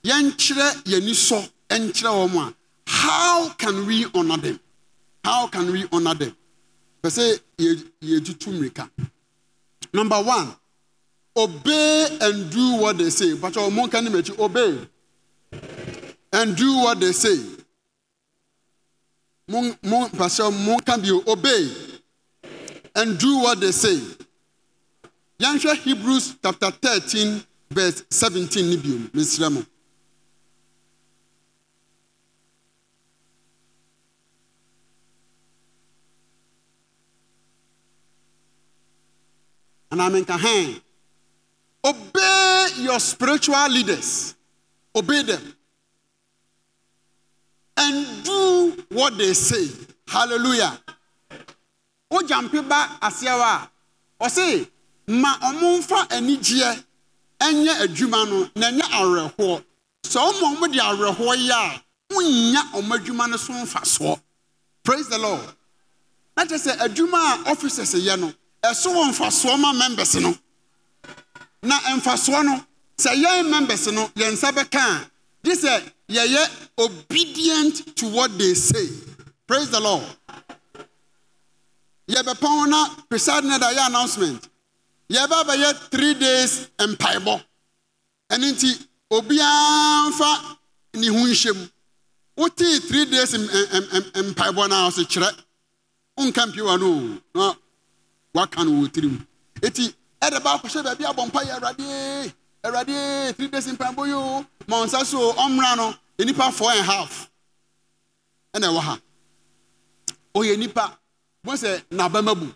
yɛnkyerɛ yɛni sɔ nkyerɛ wɔn a how can we honour them how can we honour them pɛ sɛ yɛtutu mmirika number one obey and do what they say but ɔmo nka ne mɛkyi obey. and do what they say. Mon, can be obey and do what they say. Yansha Hebrews chapter 13, verse 17 Nibium, Miss Ramon. And I mean, obey your spiritual leaders. Obey them and do what they say. Hallelujah. O jampi asiawa. O say, ma omunfa anigye enye adwuma no na nya awerɛhoɔ. Sɛ ɔmo ɔmo de awerɛhoɔ yi a, wonnya no so mfasoɔ. Praise the Lord. Na kyerɛ sɛ adwuma officers yɛ no, ɛso wɔ mfasoɔ ma members no. Na mfasoɔ no, sɛ yɛn members no, yɛn nsa bɛka a, gye yeah, yeah, obedient to what they say. Praise the Lord. Yeah, but Pona presiding at the announcement. Yeah, but yet three days and paibo. And inti obianfa ni hunshem. Uti three days and paibo now se chre. Unkampi wano. No. Wakan wutirim. Eti, edaba kushe baby abompa ya radie. Radie, three days in paibo ma ɔnsa so ɔmmra no nnipa four and a half ɛna ɛwɔ ha ɔyɛ nnipa bɔ sɛ n'abɛma bu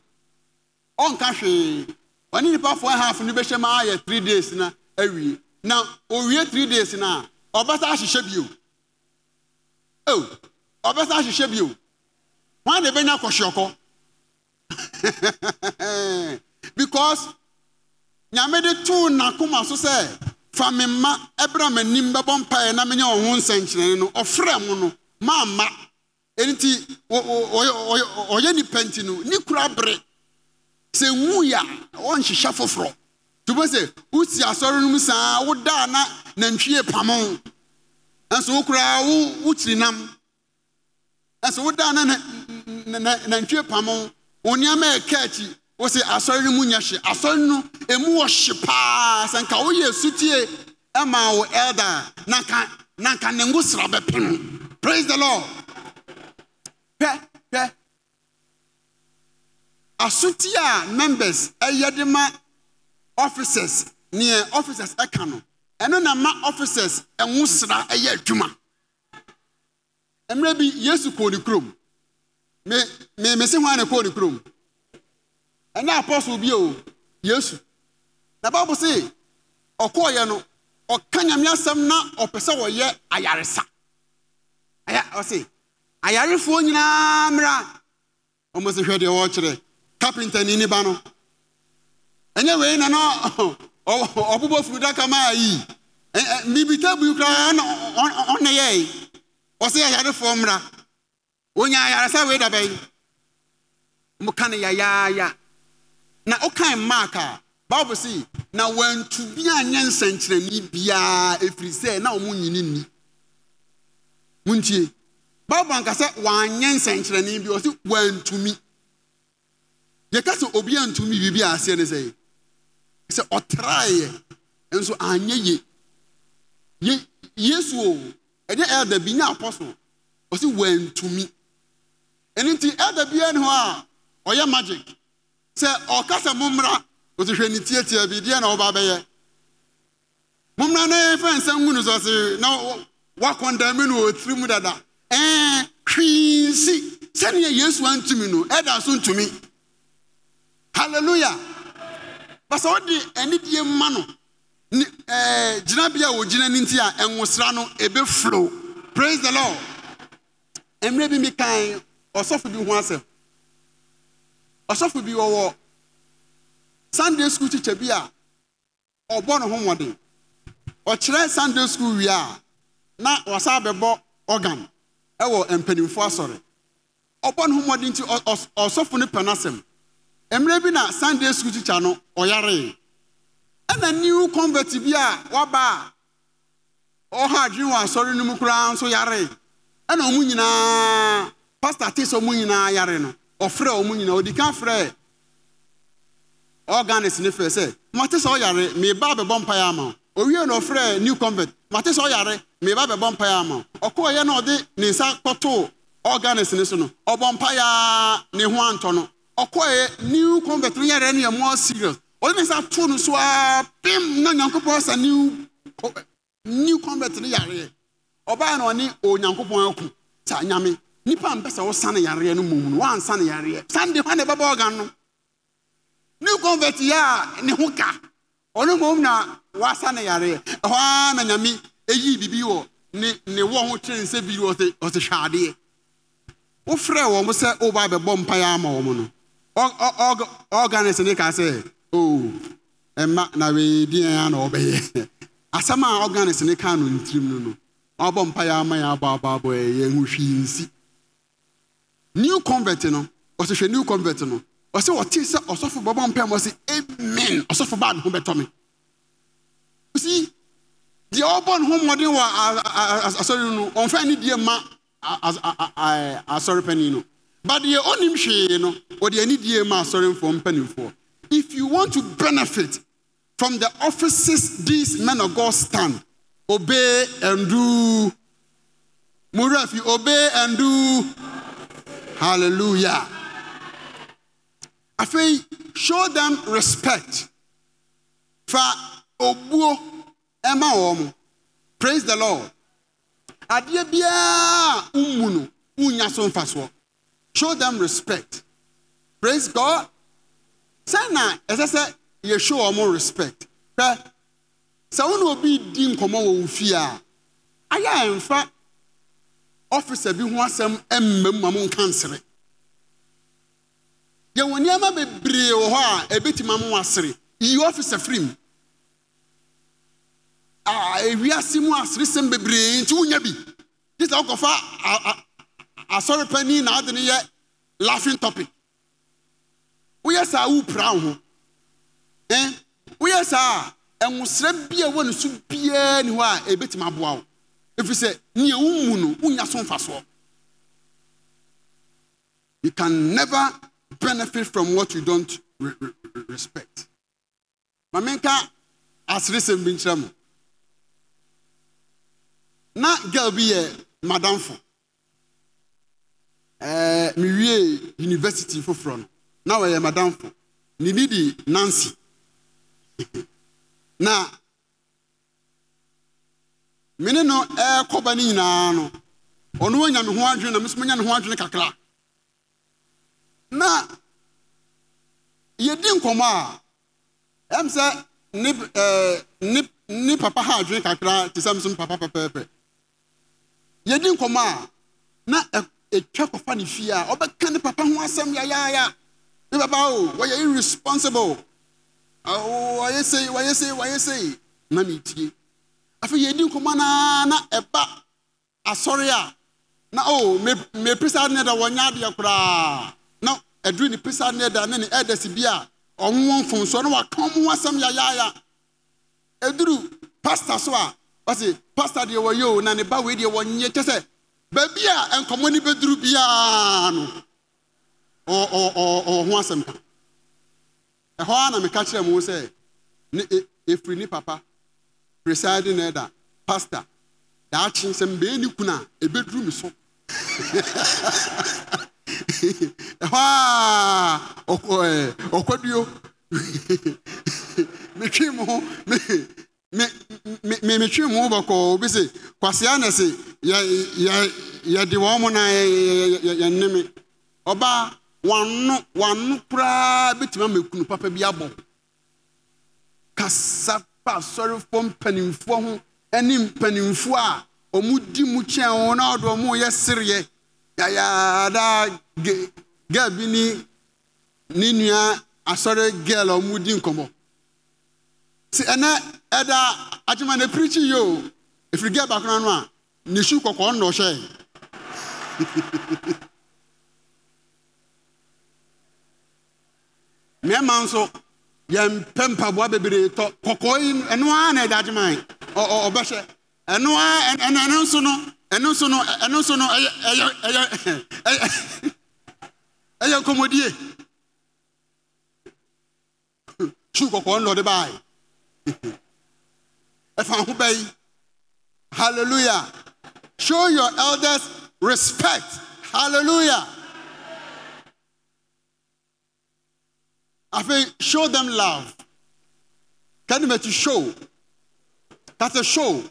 ɔnka hwee ɔne nipa four and a half no bɛhyɛ mu ayɛ three days na awie na owie three days na ɔbɛsa ahyehyɛ bio o ɔbɛsa ahyehyɛ bio wɔn a de bɛnya kɔhyeɔkɔ because nyame de too n'akoma so sɛ. fa me mma ɛbrɛ m'anim bɛbɔ mpaeɛ na menyɛ wɔn ho nsɛnkyerɛnne no ɔfrɛ mo no maama ɛnti ɔyɛ nipa nti no ne kura bere sɛ nwu yɛ a ɔnhyehyɛ foforɔ nti wobɛ sɛ wosi asɔre no mu saa wodaa na nantwie pamo nso wo koraa wo wokyiri nam nso wodaa na nantwie pamo wo nneɛma ɛka akyi wosi asɔre no mu nyɛ hye asɔre no emu wɔ hye paa sɛ nka woyɛ sutie ɛma wo elder na nka na nka ne ngo sra bɛpɛ no praise the lord pɛ pɛ asutie a members ɛyɛ de ma officers neɛ officers ɛka no ɛno na ma officers ɛngo sra ɛyɛ adwuma mmerɛ bi yesu kɔɔ ne kurom me me mesi hwan na kɔɔ ne kurom. ɛna apɔsol bi o yesu na bible se ɔkɔɔyɛ no ɔka nyame asɛm na ɔpɛ sɛ wɔyɛ ayaresa ɔse ayarefoɔ nyinaa mmra ɔmo se hwɛ deɛ wɔrekyerɛ kapintani ne ba no ɛnyɛ wei na na ɔbobɔ funu daka maa yi bibita bu koraa na ɔne yɛe ɔse ayarefoɔ mmra onya ayaresa wei dabɛn mo ka no yayaaya na ɔkan mark a bible si na wɔntu bi anyɛ nsɛnkyerɛnni biara efiri sɛ na wɔn nyini ni muntie bible ankasa wɔanyɛ nsɛnkyerɛnni bi wɔsi wɔntumi yɛka sɛ obi antumi biribi a aseɛ ne sɛ sɛ ɔtraeɛ nso anyɛ ye ye yesu o ɛnyɛ ɛda bi nyɛ apɔso wɔsi wɔntumi ɛni ti ɛda bi ɛni hɔ a ɔyɛ magic. sɛ ɔkasa mommra ɔtihwɛ ne tiatia bi deɛ na woba bɛyɛ mommra na yɛmfa nsa ngu no sɛ ɔse na woakɔndame no ɔtiri mu dada ɛɛ hwee si sɛnea yesu antumi no ɛda so ntumi halleluya basa wode anidie ma no gyinabea a wɔgyina no nti a ɛnwosra no ɛbɛflow praise the lord mmerɛ bi mi ɔsɔfo bi ho asɛm ɔsɔfo bi wɔwɔ sunday school teacher bi a ɔbɔ ne ho mmɔden ɔkyerɛ sunday school a na wasa abɛbɔ organ ɛwɔ mpanimfo asɔre ɔbɔ ne ho mmɔden nti ɔsɔfo no pɛ n'asɛm mmerɛ bi na sunday school teacher no ɔyaree ɛna new convert bi a waba a ɔha adwene wɔ asɔre no mu koraa nso ɛna wɔn nyinaa pastor te sɛ wɔn nyinaa yare no. ɔfrɛ wɔn nyinaa odi kan frɛ organis ne fɛ sɛ mate sɛ ɔyare meba abɛbɔ mpaeɛ ama owie na ɔfrɛ new convert mate sɛ ɔyare meba abɛbɔ mpaeɛ ama ɔkɔɔ yɛ na ɔde ne nsa kɔtoo organis ne so no ɔbɔ mpaeɛ ne ho antɔ no ɔkɔɔ yɛ new convert no yɛrɛ no yɛ more serious ɔde ne nsa too no so a pim na nyankopɔn asa new new convert no yareɛ ɔbaa na ɔne onyankopɔn aku saa nyame nipa a mpɛ sɛ wosane yareɛ no mmumu no woansa ne yareɛ sande hɔ ne ɛbɛbɔ ɔgan no new convert yɛ a ne ho ka ɔno mmom na wasa ne yareɛ ɛhɔ ara na nyame ɛyii biribi wɔ ne ne wɔ ho kyerɛ nsɛ bi ɔsɛ hwɛ adeɛ wofrɛ wɔ mo sɛ woba bɛbɔ mpaeɛ ama wɔ mo no organis ne ka sɛ o oh, ɛma na weidiɛn a na ɔbɛyɛ asɛm a organis ne ka no ntirim no no ɔbɔ mpaeɛ ama yɛ abɔ abɔ abɔ ɛyɛ ho hwii nsi new convert no ɔsɛ hwɛ new convert no ɔsɛ ɔte sɛ ɔsɔfo bɔbɔ mpɛm ɔsɛ amen ɔsɔfo baa ne ho bɛtɔ me si deɛ ɔbɔ ne ho mmɔden wɔ asɔre no ɔmfa ne die ma asɔre panin no but deɛ ɔnim hwee no ɔde ani die ma asɔrefoɔ mpanimfoɔ if you want to benefit from the offices these men of God stand obey and do murafi obey and do Hallelujah. I think show them respect. For Obu ɛma Praise the Lord. Adeɛ biara umu no, Show them respect. Praise God. Say na ɛsɛ sɛ show wɔn respect. Hwɛ, Someone will be obi di nkɔmɔ wɔ wofie ɔfisa bi ho asɛm mmam ma monka nsere yɛwɔ nneɛma bebree wɔ hɔ a ɛbɛtumi ama wasere yi ɔfisa firim ewiase mu aseresɛm bebree nti wonya bi gye sɛ wokɔfa asɔrepani na ade no yɛ laughing topic woyɛ saa wopira wo ho woyɛ saa a bi a ɛwɔ ne so biara ni hɔ a ɛbɛtumi aboa wo ɛfiri sɛ nea womu no wonya so mfasoɔ you can never benefit from what you don't re re respect ma menka aseresɛm bi nkyerɛ mo na girl bi yɛ madamfo ɛɛ mewie university foforɔ no na wɔyɛ madamfo ne ni di nancy na me ne no ɛɛkɔ ba ne nyinaa no ɔno wɔ anya me ho adwene na mesom nya ne ho adwene kakra na yɛdi nkɔmmɔ a ɛm sɛ ne papa ha adwene kakraa ti sɛ mesom papa pɛpɛɛpɛ yɛdi nkɔmmɔ a na ɛtwa kɔfa ne fie a ɔbɛka ne papa ho asɛm yayaaya me baba o wɔyɛ i responsible ayɛ sei na metie afei yɛdi nkɔmmɔ naa na ɛba asɔre a na o oh, mepisa ne da wɔnyɛ adeɛ koraa na aduru ne pisa ne da ne ne ɛdɛsi bi a ɔmo mfomsoɔ na waka ɔmo asɛm yayaaya aduru pasta so a ɔsi pasta deɛ wɔyɛ o na ne ba wei deɛ wɔnyɛ kyɛ sɛ baabi a nkɔmmɔ ne bɛduru biara no ɔɔ ɔɔ ɔɔ ho asɛm ka ɛhɔ ara na meka kyerɛ mo sɛ ne e, efiri ne papa. presiding elder pastor daakye sɛ mbɛɛ ni kun a ebeduru mi so ɛhɔ a ɔkɔ ɛɛ ɔkɔduo metwi mu ho me me me metwi mu ho obi sɛ kwasia na sɛ yɛ yɛ yɛde wɔn mo na yɛ yɛ yɛ yɛ nnimi ɔbaa wano wano koraa betumi ama ekunu papa bi abɔ kasa pa asɔrefoɔ mpanimfoɔ ho ne mpanimfoɔ a wɔn di mu kyɛn ho na ɔde wɔn reyɛ sereɛ yayaadaa ge girl bi ne ne nua asɔre girl a wɔn di nkɔmɔ si ɛnɛ ɛda adwuma na pirikyi yi o efiri girl baako na ano a ne su kɔkɔɔ na ɔhyɛ mmarima nso. yɛmpɛ mpaboa bebree tɔ kɔkɔɔ yi ɛno ara na ɛde agyema yi ɔbɛhwɛ ɛno ara ɛno ɛno nso no ɛno nso no ɛno nso no ɛyɛ ɛyɛ ɛyɛ ɛyɛ ɛyɛ nkɔmɔdie kɔkɔɔ no ɔde baa yi ɛfa ho bɛyi hallelujah show your elders respect hallelujah. afei show them love you make ti show a show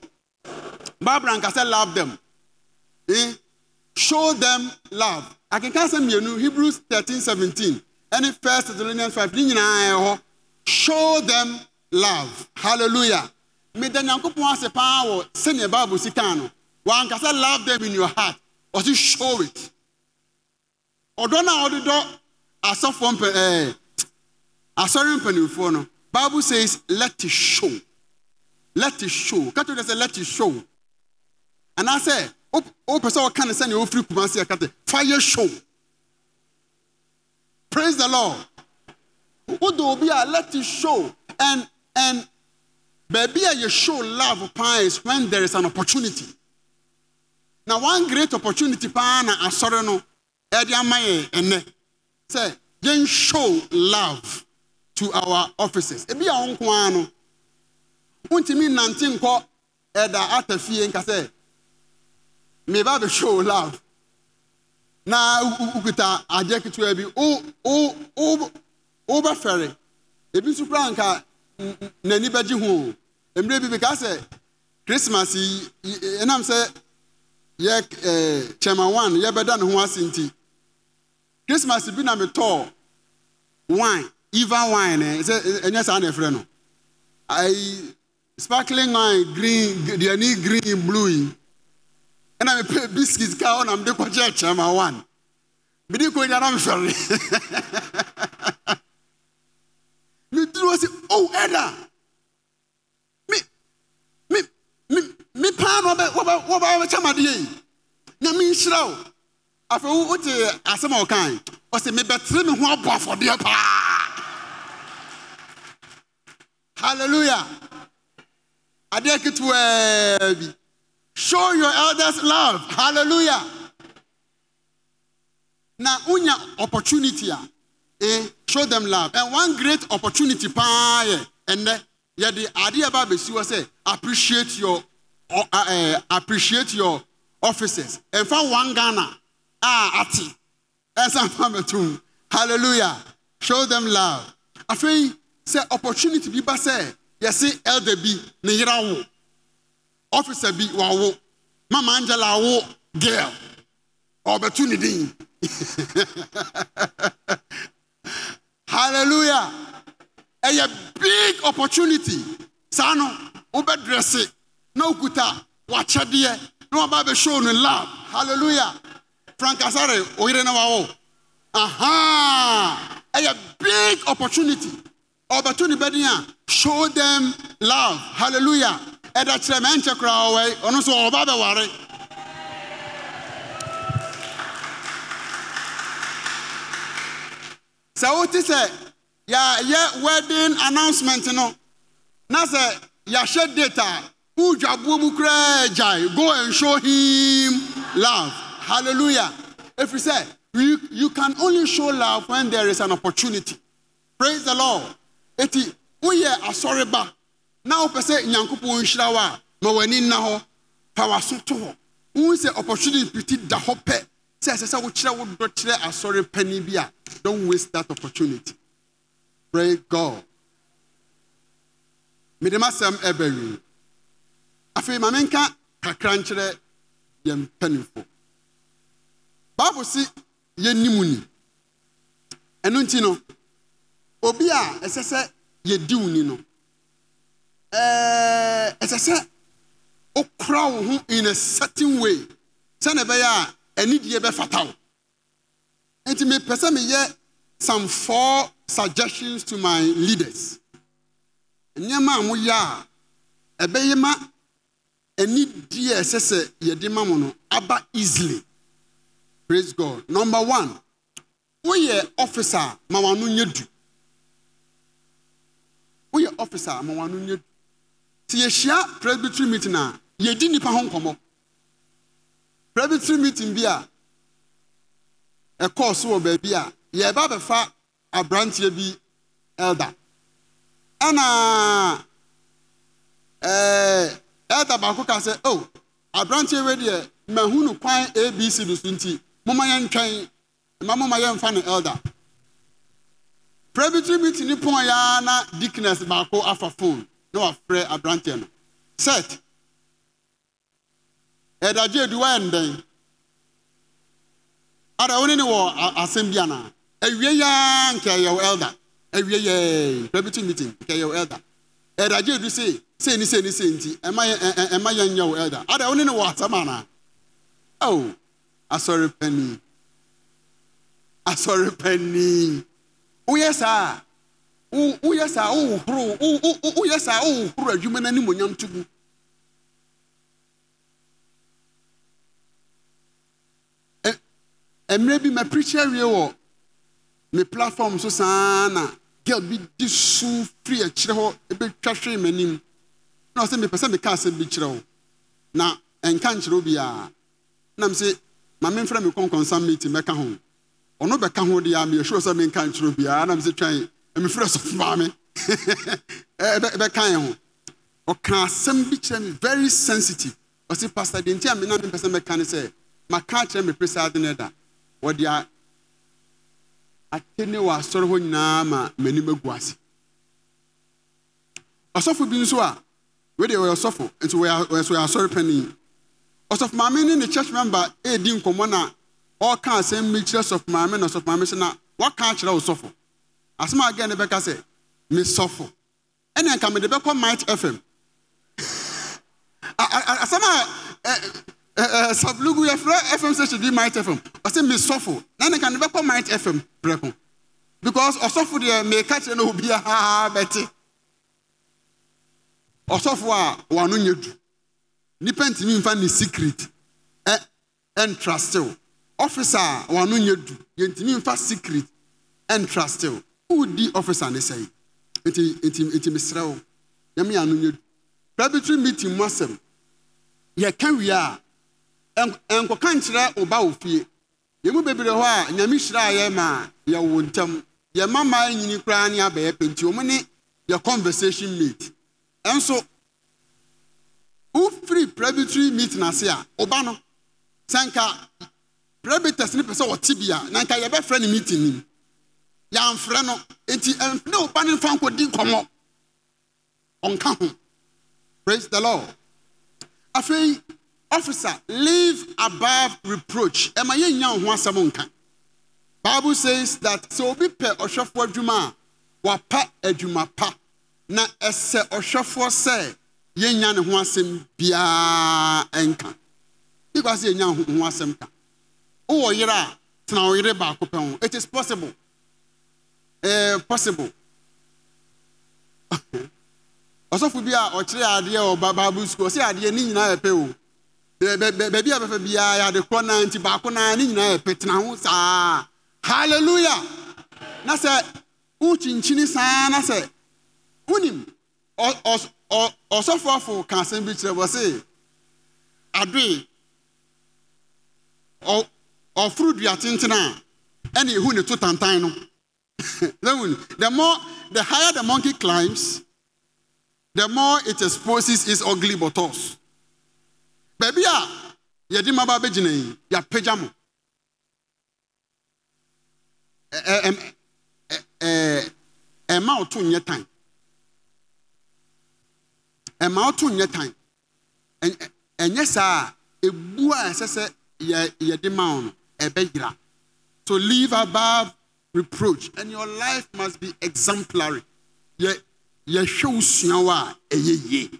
babra nkasa love them eh show them love me sɛ mmienu hebrews thirteen seventeen Any first thessalonians five ne nyinaa yɛ hɔ show them love hallelujah meda nyankopɔn ase paa wɔ sɛnea babu si kan no wankasa love them in your heart to show it Odo no odo ɔde dɔ asɔfoɔ mpɛ Eh, asɔre mpanimfoɔ no bible says let it show let it show kato de sɛ let it show anaasɛ o pɛ sɛ ɔka ne sɛnea ofiri kuma se ɛkata fire show praise the lord o do obi a let it show and and baabi a show love paa is when there is an opportunity na one great opportunity paa na asɔre no ɛde ama yɛ ɛnɛ sɛ yɛn show love. to our offices ebi a wọn nko ara no ntumi nante nkɔ ɛda ata fie nkasɛ ba abɛhwɛ show lab na ukuta adeɛ ketewa bi o o o o bɛfɛre ebi nso kura nka n'ani bɛgye ho mmerɛ bi bi ka sɛ christmas yi ɛnam sɛ yɛ ɛɛ chairman one yɛbɛda ne ho ase nti Krismas bi na metɔɔ wine. eve ene ɛɛnyɛ saa nne frɛ no sparkling a gdeani green bluei ɛna mepɛ biskuit ka ɔnamede kɔgyeɛ kyɛma oe bede kɔdyanamefɛme medur sɛ oɛda me paa mbɛkyɛ madeɛe na menhyerɛ wo afei wwote asɛm okae ɔsɛ mebɛtere me ho abo afɔdeɛ paa Hallelujah. Show your elders love. Hallelujah. Now, unya opportunity, eh, show them love. And one great opportunity, pa, and yeah, the idea about Besua say, appreciate your uh, uh, appreciate your officers. And for one Ghana, ah, ati, as I'm Hallelujah. Show them love. I think sɛ opportunity bi ba sɛ yɛse elder bi ne wo officer bi wawo mama angela awo girl ɔbɛto ne din hallelujah ɛyɛ big opportunity saa no wobɛdrɛse na wokuta wakyɛdeɛ na waba bɛhyɛw no lab hallelujah frank asare oyere na wawo aha ɛyɛ big opportunity ɔbɛto ne bɛden a show them love hallelujah ɛda kyerɛ mɛ nkyɛ koraa ɔwɔ ɔno nso ɔba bɛware sɛ wote sɛ yɛyɛ wedding announcement no na sɛ yɛahyɛ date a wodwaboɔ go and show him love hallelujah If ɛfiri say you, you can only show love when there is an opportunity praise the lord eti woyɛ asɔreba na wopɛ sɛ nyankopɔn nhyira wo a ma w'ani nna hɔ pa w'aso to hɔ wohu sɛ opportunity piti da hɔ pɛ sɛ ɛsɛ sɛ wokyerɛ wo dɔ kyerɛ asɔre pani bi a don't waste that opportunity pray god mede m'asɛm ɛbɛ wie afei ma menka kakra nkyerɛ yɛn mpanimfo bible si yɛnim ni ɛno nti no obi a ɛsɛ sɛ yɛdi wo ni no ɛsɛ sɛ wokora wo ho in a certain way sɛnɛ ɛbɛyɛ a anidie bɛfata wo nti mepɛ sɛ meyɛ some four suggestions to my leaders nneɛma a moyɛ a ɛbɛyɛ ma anidie a ɛsɛ sɛ yɛde ma mo no aba easily praise god number one woyɛ officer ma wano nyɛ du woyɛ ɔfisa ama wano nyɛ ti yɛhyia presbytery meeting a yɛdi nipa ho nkɔmmɔ presbytery meeting bi a ɛkɔɔ so wɔ baabi a yɛreba bɛfa aberanteɛ bi elda ɛna ɛɛ elder baako ka sɛ o oh, aberanteɛ wei deɛ mahu kwan abc do so nti momma yɛntwɛn mma momma nfa no presbytery meeting ni pɔn ya na deaconess baako afa phone na wafrɛ aberanteɛ no set ɛdagye eduwa yɛ ndɛn ara wɔn ne wɔ asɛm bi ana ewie yaa nkɛ yɛ wɔ elder ewie yɛɛ presbytery meeting nkɛ yɛ wɔ elder ɛdagye edu se se ni se ni se nti ɛma yɛ ɛma yɛ nyɛ wɔ elder ara wɔn ne wɔ asɛm ana ɛwɔ asɔre panyin asɔre panyin. woyɛ saa a woyɛ saa wohohoro woyɛ saa wohohoro adwuma no animonyam to gu e, mmerɛ bi mapirikyi awie wɔ me platform so saa na gel bi di su firi akyire hɔ ebetwa hwee m'anim na ɔsɛ mepɛ sɛ meka asɛm bi kyerɛ wo na nka nkyerɛ obiara nam sɛ maame mfrɛ me kɔnkɔnsa meeting mɛka ho ɔno bɛka ho deɛ me yɛhuro sɛ menka nkyerɛ biara na mesɛ twɛn mefrɛ sɔfo baa me eh, bɛkae ho ɔka asɛm bi kyerɛ me very sensitive ɔse pastor deɛ nti a mena mempɛ sɛ mɛka ne sɛ maka akyerɛ me pesa ade ne da wɔde atene wɔ asɔre hɔ nyinaa ma m'anim agu ase ɔsɔfo bi nso a wede wɔyɛ ɔsɔfo nso wɔyɛ asɔre panin ɔsɔfo maame ne ne church member ɛredi nkɔmmɔ na ɔreka asɛm bi kyerɛ sɔfo maame na sɔfo maame sɛ na waka akyerɛ wo sɔfo asɛm a agɛ ne bɛka sɛ me sɔfo ɛna nka mede bɛkɔ might fm asɛm a sablugu yɛfrɛ fm station di might fm ɔsɛ me sɔfo na ne nka ne bɛkɔ might fm brɛ because ɔsɔfo deɛ meka kyerɛ no obiaa bɛte ɔsɔfo a wano nyɛ du nnipa ntumi mfa ne secret ɛntrastew eh, ɔfise a wano nya d yɛntimi mfa sekrit ntrustl wodi ɔfise ne sɛi ntimrɛy pribatary meeting mu asɛm yɛka wie a ɛnkɔka nkyerɛ wo ba wo fie ymu beb re hɔ a nyame hyirɛ a yɛr ma a yɛwo ntɛm yɛmma maa nyini koraa ne abɛyɛ pɛnti om ne yɛ conversation mat ɛnso wofiri pribatory meetin ase a oba no sɛnka presbyters ne pɛ sɛ wɔte bi a na nka yɛbɛfrɛ ne meeting nim yɛamfrɛ no enti ne eh, ɔba ne mfa nkɔdi nkɔmmɔ ɔnka ho praise the lord afei officer live above reproach ɛma yɛnnya wo ho asɛm nka bible says that sɛ obi pɛ ɔhwɛfoɔ adwuma a wapa adwuma pa na ɛsɛ ɔhwɛfoɔ sɛ yɛnnya ne ho asɛm biara nka because yɛnnya ho asɛm ka wowɔ yere a tena wo yere baako pɛ ho it is possible eh, possible ɔsɔfo bi a ɔkyerɛ adeɛ wɔ bible school ɔsɛ adeɛ ne nyinaa yɛ pɛ o baabi a bɛfɛ biara yɛ ade korɔ naa nti baako naa ne nyinaa yɛ pɛ tena ho saa hallelujah na sɛ wokyinkyini saa na sɛ wonim ɔsɔfo afo ka asɛm bi kyerɛ wɔ se adoe ɔfroiduatentena a ɛne yɛhuu ne to tantan no te mor the higher the monkey climes the more it exposes is ugly butus baabia yɛde mabaa bɛgyinayi yapagya mɔ matoyɛ taɛmawo to nyɛ tan ɛnyɛ saa a ɛbua ɛsɛ sɛ yɛde maw no ebeyira. To live above reproach. And your life must be exemplary. yɛhwɛ wo suawa a ɛyɛ eh, yie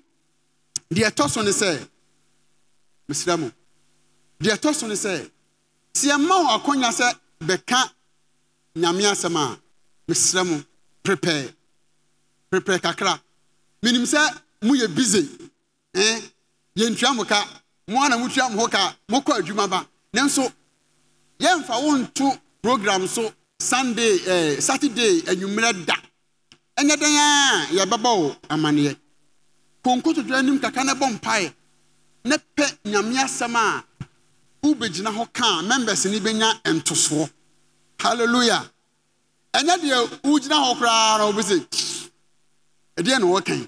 deɛ ɛtɔ so ne sɛ mesrɛ mo deɛ ɛtɔ so ne sɛ sɛ yɛma wo akɔnya sɛ bɛka nyame asɛm Mr. mesrɛ prepare prepare kakra menim mu ye busy eh? Yen mo ka mo ana motua mo ho adwuma ba nanso yɛmfa wo nto program so sunday eh, saturday anwummerɛ da ɛnyɛ dɛn a yɛbɛbɔ wo amanneɛ konko todwa anim kakra na bɔ mpaeɛ na pɛ nyame asɛm a wobɛgyina hɔ kaa members ni bɛnya ntosoɔ halleluya ɛnyɛ deɛ wogyina hɔ koraa na wobɛ sɛ ɛdeɛ na wɔkan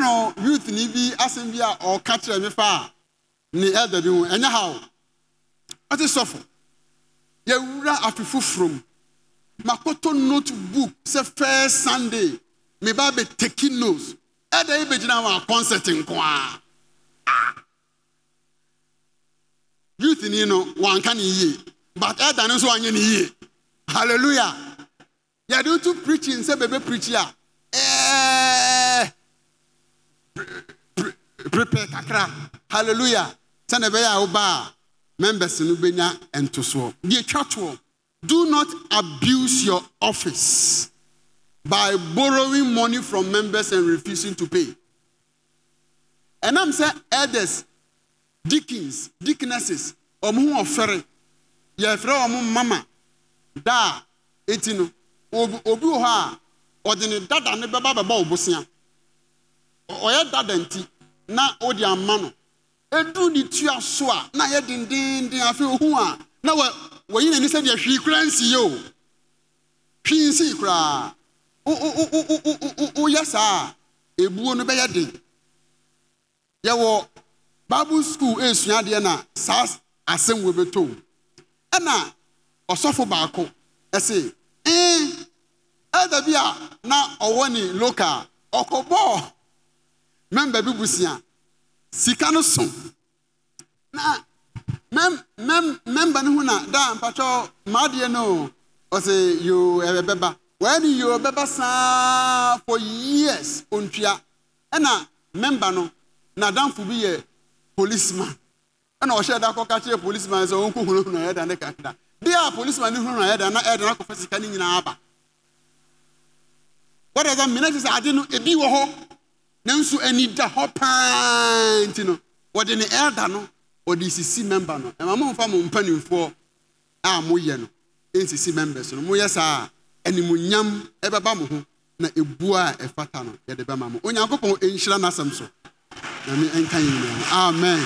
no youth ni bi asɛm bi a ɔka kyerɛ me fa a ne ɛda bi ho ɛnyɛ ɔte sɔfo yɛwura afe makoto notebook sɛ first sunday meba bɛtaki nos ɛda yɛbɛgyina wɔ a concert nko a ah. youth ni no ne yie but ɛda no nso wanyɛ ne yie hallelujah yɛde to preaching sɛ bɛbɛ preachi a ɛɛ prepare kakra hallelujah sɛnɛ bɛyɛ a a members no benya ntosoɔ deɛ twa toɔ do not abuse your office by borrowing money from members and refusing to pay ɛnam sɛ elders deacons deaconesses wɔn ho ɔfɛre yɛfrɛ wɔn mama daa eti no obi wɔ hɔ a ɔde ne dada ne bɛba bɛbɔ ɔbosea ɔyɛ dada nti na ɔde ama no ɛduru ne tua so a na yɛ dendenden afei ohu a na wɔyi n'ani sɛdeɛ hwii koraa nsi yɛ o hwii nsii koraa woyɛ saa a ebuo no bɛyɛ den yɛwɔ bible school esua adeɛ na saa asɛm wo bɛtɔ ɛna ɔsɔfo baako ɛsɛ ɛn ɛdabi a na ɔwɔ ne local ɔkɔbɔɔ memba bi busia sika no so na memba no na daa mpatwɛ maadeɛ no ɔsɛ yoo ɛbɛba wɔyɛ yoo bɛba saa for years ontua ɛna memba no n'adamfo bi yɛ policeman ɛna ɔhyɛ da kɔka kyerɛ policeman sɛ da ne ka policeman na ɛda na kɔfɛ sika no nyinaa aba wɔde sɛ no ebi nanso ani da hɔ paa nti no wɔde ne elda no wɔde sisi memba no ɛma momfa mo mpanimfoɔ a moyɛ no nsisi members no moyɛ saa a animuonyam ɛbɛba mo ho na ebu a ɛfata no yɛde bɛma mo onyankopɔn nhyira n'asɛm so nyame nka yɛn nyinaa amen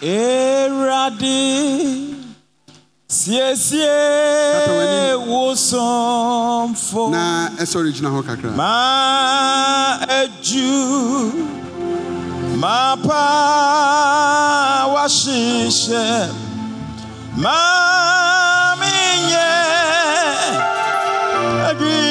Eradi. siesie wosɔmfo na ɛsɔre gyina hɔ kakra ma adu ma pa wahyehyɛ ma menyɛ adwi